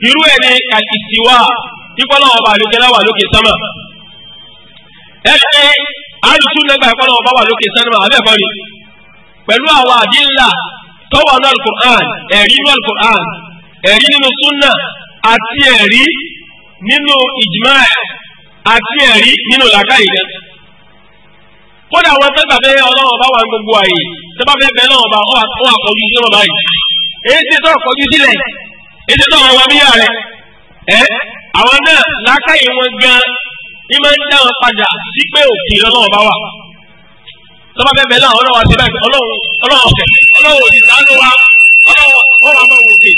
irú ẹ̀ ni kàkìsíwá ìpọ́nà ọba àlùkẹ́lá wà ni pẹ̀lú àwọn àti ẹ̀rí nínú ìjìmá àti ẹ̀rí nínú làkàyè rẹ̀. kódà àwọn tẹ́tà fẹ́ ọlọ́run bá wà ní gbogbo àyè tẹ́tà fẹ́ bẹ́ẹ̀ náà bá wà kọjú sí ọ̀rọ̀ báyìí. èyí ti tọ́ kọjú sílẹ̀ èyí ti tọ́ àwọn abíyá rẹ̀ ẹ́ àwọn náà làkàyè wọn gan ní máa ń dá wọn padà sí pé òkè ọlọ́run bá wà. tọ́ba fẹ́ bẹ́ẹ̀ náà ọlọ́run àti báyìí ọlọ́run ọ̀kẹ́ ọlọ́run òsì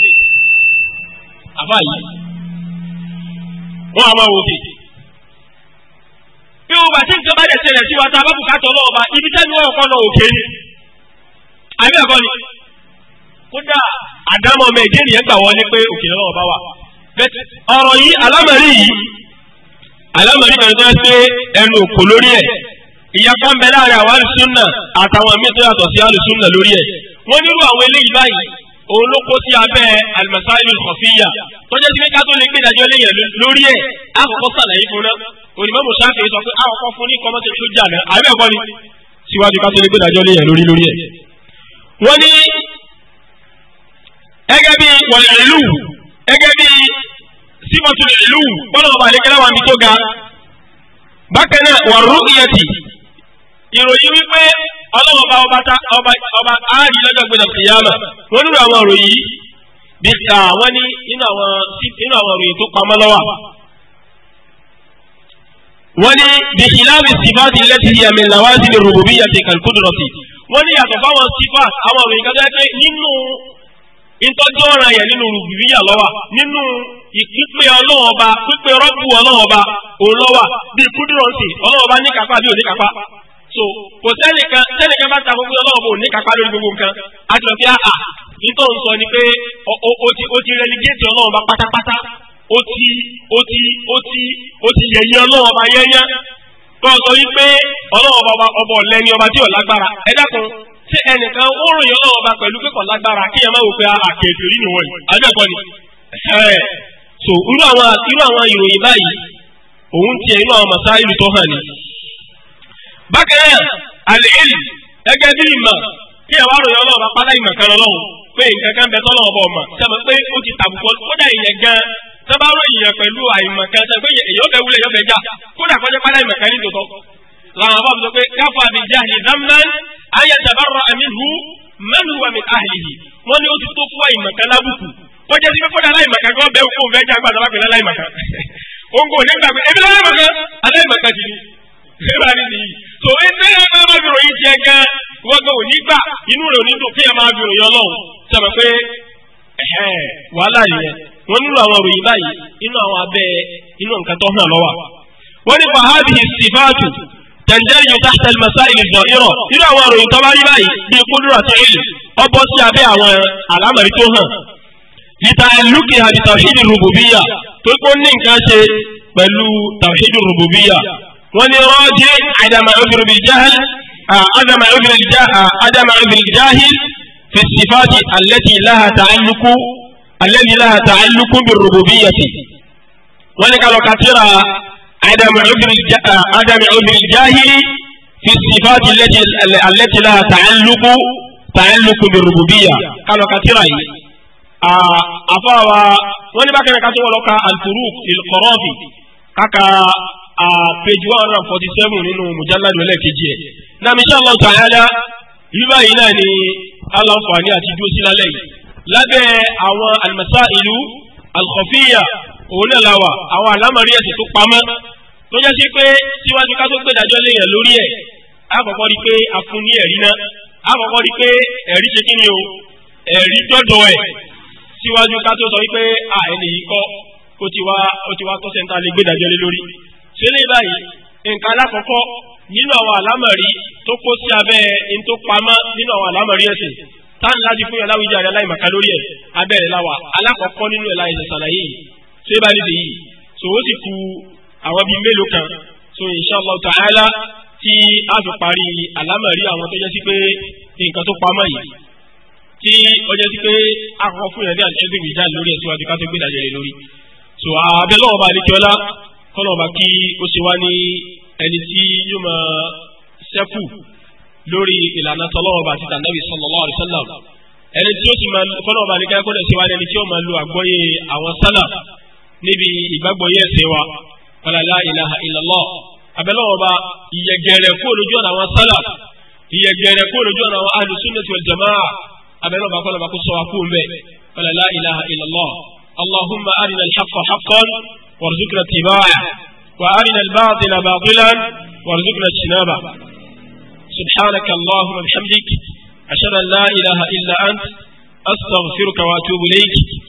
wọn àwọn òkè. bí wọn bá tí nǹkan bá dẹ̀ ṣẹlẹ̀ sí wa tá a bá bùkátà ọlọ́wọ́ bá ibi tẹ́lẹ̀ wọn kọ́ lọ òkè ni. àbí ẹ̀kọ́ ni kódà àdámọ́ ọmọ ẹ̀jẹ̀ nìyẹn gbà wọlé pé òkè lọ́wọ́ bá wà. ọ̀rọ̀ yìí alámọ̀rí yìí alámọ̀rí kan tó yẹ pé ẹnu òkò lórí ẹ̀ ìyapa ń bẹ láàrin àwọn alùsùnà àtàwọn míì tó yàtọ̀ sí alùsùnà lórí ẹ̀ wọ́n nírú àwọn eléyìí báyìí òun ló kó sí abẹ́ alimasailu kọfíyà tọ́jà sí ká tó lè gbé ìdájọ́ lẹ́yìn lórí ẹ̀ àkọ́kọ́ sàlàyé fún náà onímọ̀ mùsàfẹ́ sọ pé àkọ́kọ́ fún ní kọ́mọ́tò tó jà náà àbẹ́ ẹ̀kọ́ ni síwájú ká tó lè gbé ìdájọ́ lẹ́yìn lórí lórí ẹ̀. wọ́n ní ẹgẹ́ bí wọ̀lẹ̀ ẹgẹ́ bí símọ́tò bọ́lá ọba àlekẹ́lá wa mi tó ga bákan náà wà rú ìròyìn wípé ọlọ́wọ́ bá ọba tá ọba áàrí lọ́jọ́ gbẹdọ̀ kìyàmà wọ́n nínú àwọn ọ̀rọ̀ yìí bí ká wọ́n ní nínú àwọn ọ̀rọ̀ yìí tó pamọ́ lọ́wọ́ wọ́n ní bí ìlànà sìfáàtì lẹ́tì yàmi làwáàtì lè rògbòbí yàtì kàlùkùdùrọ̀tì wọ́n ní yàtọ̀ fáwọn sifat àwọn ọ̀rọ̀ ìkàtọ́ ẹ̀kẹ́ nínú ìtọ́jú ọ̀ràn yẹn nínú rògbòbíyà lọ́wọ́ nínú ìpípé ọlọ́wọ́ba pípé rọ́bù ọlọ́wọ́ba òun lọ́wọ́ bíi kúdùrọ̀tì so kò sẹ́nìkan kan bá ta gbogbo ọlọ́wọ́ bò ní kápá lórí gbogbo nǹkan àjọ fi àhà nítorí ń sọ ni pé o ti o ti relegate ọlọ́wọ́ bá pátápátá o ti o ti o ti o ti yẹ̀yẹ́ yẹ́yẹ́ sọ yí pé ọba ọ̀lẹ́ni ọba tí ò lágbára ẹ dákun ṣé ẹnìkan ó ròyìn pẹ̀lú lágbára kí ah, ah, so irú àwọn ìròyìn báyìí òun inú àwọn tó hàn bákan náà àlèélì gẹ́gẹ́ bí ìmọ̀ kí ẹ wá ròyìn ọlọ́run bá pátá ìmọ̀ kan lọ́wọ́ pé nǹkan kan bẹ tọ́lọ́ ọba ọmọ sábà pé ó ti tàbùkọ kódà ìyẹn gan sábà ròyìn yẹn pẹ̀lú àìmọ̀ kan sábà pé èyí ó fẹ́ wúlẹ̀ yọ fẹ́ já kódà kọjá pátá ìmọ̀ kan ní làwọn àbá sọ pé káfà àbíjá ni zamman ayé tabarọ aminhu mẹnu wà mí ahìlì wọn ni ó ti tó fún àìmọ̀ kan lábùkù kọjá sí pé kódà láìmọ̀kan kọ́ bẹ́ẹ̀ kó fẹ́ já gbàdá bá pẹ̀lú láìmọ̀kan ó ń kó nígbà pé ebi láìmọ̀kan aláìmọ̀kan ti ní so ẹsẹ̀ yẹn máa máa fi ròyìn tiẹ̀ inú rẹ̀ òní kí ẹ máa fi ròyìn ọlọ́run sọ̀rọ̀ pé wàhálà nílò àwọn báyìí inú àwọn abẹ inú nǹkan tó hàn lọ́wọ́ wọ́n ní fàhádì ìsìfáàtù tẹ̀lẹ́rì yóò tahta àwọn ọ sí àwọn tó hàn. ìta tó kó ní nǹkan ṣe pẹ̀lú wọ́n ní rọ́ọ̀jì àdàmà ọ̀dùrù bíi jahil àdàmà ọ̀dùrù bíi jahil fi sifati alẹ́tì láha tàálùkù alẹ́tì láha tàálùkù bí rububiyyati wọ́n ní kálọ̀ kàtírà àdàmà ọ̀dùrù jahil fi sifati alẹ́tì láha tàálùkù tàálùkù bí rububiyya kálọ̀ kàtírà yìí àfọwà wọ́n ní bákan náà kátó wọ́n lọ́ka àtúrú ìlkọ̀rọ́ọ̀fì káka page one hundred and forty seven nínú mujalladu ẹlẹ́ẹ̀kejì ẹ̀. Nàmi insha Allah ta'ala bíbá yìí náà ni aláǹfààní àti dúró sí lálẹ́ yìí. Lábẹ́ àwọn al-masailu al-khafiyya òun náà làwà àwọn àlámọ̀rí ẹ̀sìn tó pamọ́ tó jẹ́ sí pé síwájú ká tó gbẹ̀dájọ́ léèyàn lórí ẹ̀ àkọ́kọ́ rí pé a fún ní ẹ̀rí náà àkọ́kọ́ rí pé ẹ̀rí ṣe kí ni o ẹ̀rí dọ́dọ̀ ẹ̀ síwájú ká tó sọ wípé à yìí kọ́ ó ti wá tó sẹ́ńtà lè gbẹ̀dájọ́ lé lórí ṣẹlẹ̀ báyìí nǹkan alákọ̀ọ́kọ́ nínú àwọn àlámọ̀rí tó kó sí abẹ́ in tó pamọ́ nínú àwọn àlámọ̀rí ẹ̀sìn táwọn láti fún yàrá wíjà rẹ̀ aláìmọ̀ká lórí ẹ̀ abẹ́rẹ́ láwà alákọ̀ọ́kọ́ nínú ẹ̀la ẹ̀sìn sàlàyé ṣé bá níbi yìí so ó sì ku àwọn bíi mélòó kan so inshallah ta'ala tí a fi parí àlámọ̀rí àwọn tó jẹ́ sí pé nǹkan tó pamọ́ yìí tí ó jẹ́ sí pé àkọ́kọ́ fún yàrá ẹ̀sìn ìjà lórí ẹ̀ síwájú ká tó gbé kọ́nà ọba kí ó ṣe wá ní ẹni tí yóò máa ṣẹ́kù lórí ìlànà tọ́lọ́wọ́ bá ti tànàbí sallallahu alaihi wasallam ẹni tí ó sì máa kọ́nà ọba nìkan kọ́nà ṣe wá ní ẹni tí ó máa lo àgbọ́yé àwọn sálà níbi ìgbàgbọ́yé ẹ̀sẹ̀ wa wala la ilaha illallah abẹ́lọ́wọ́ bá ìyẹ̀gẹ̀rẹ̀ kó lójú ọ̀nà àwọn sálà ìyẹ̀gẹ̀rẹ̀ kó lójú ọ̀nà àwọn ahlu وارزقنا اتباعه وارنا الباطل باطلا وارزقنا اجتنابه سبحانك اللهم وبحمدك اشهد ان لا اله الا انت استغفرك واتوب اليك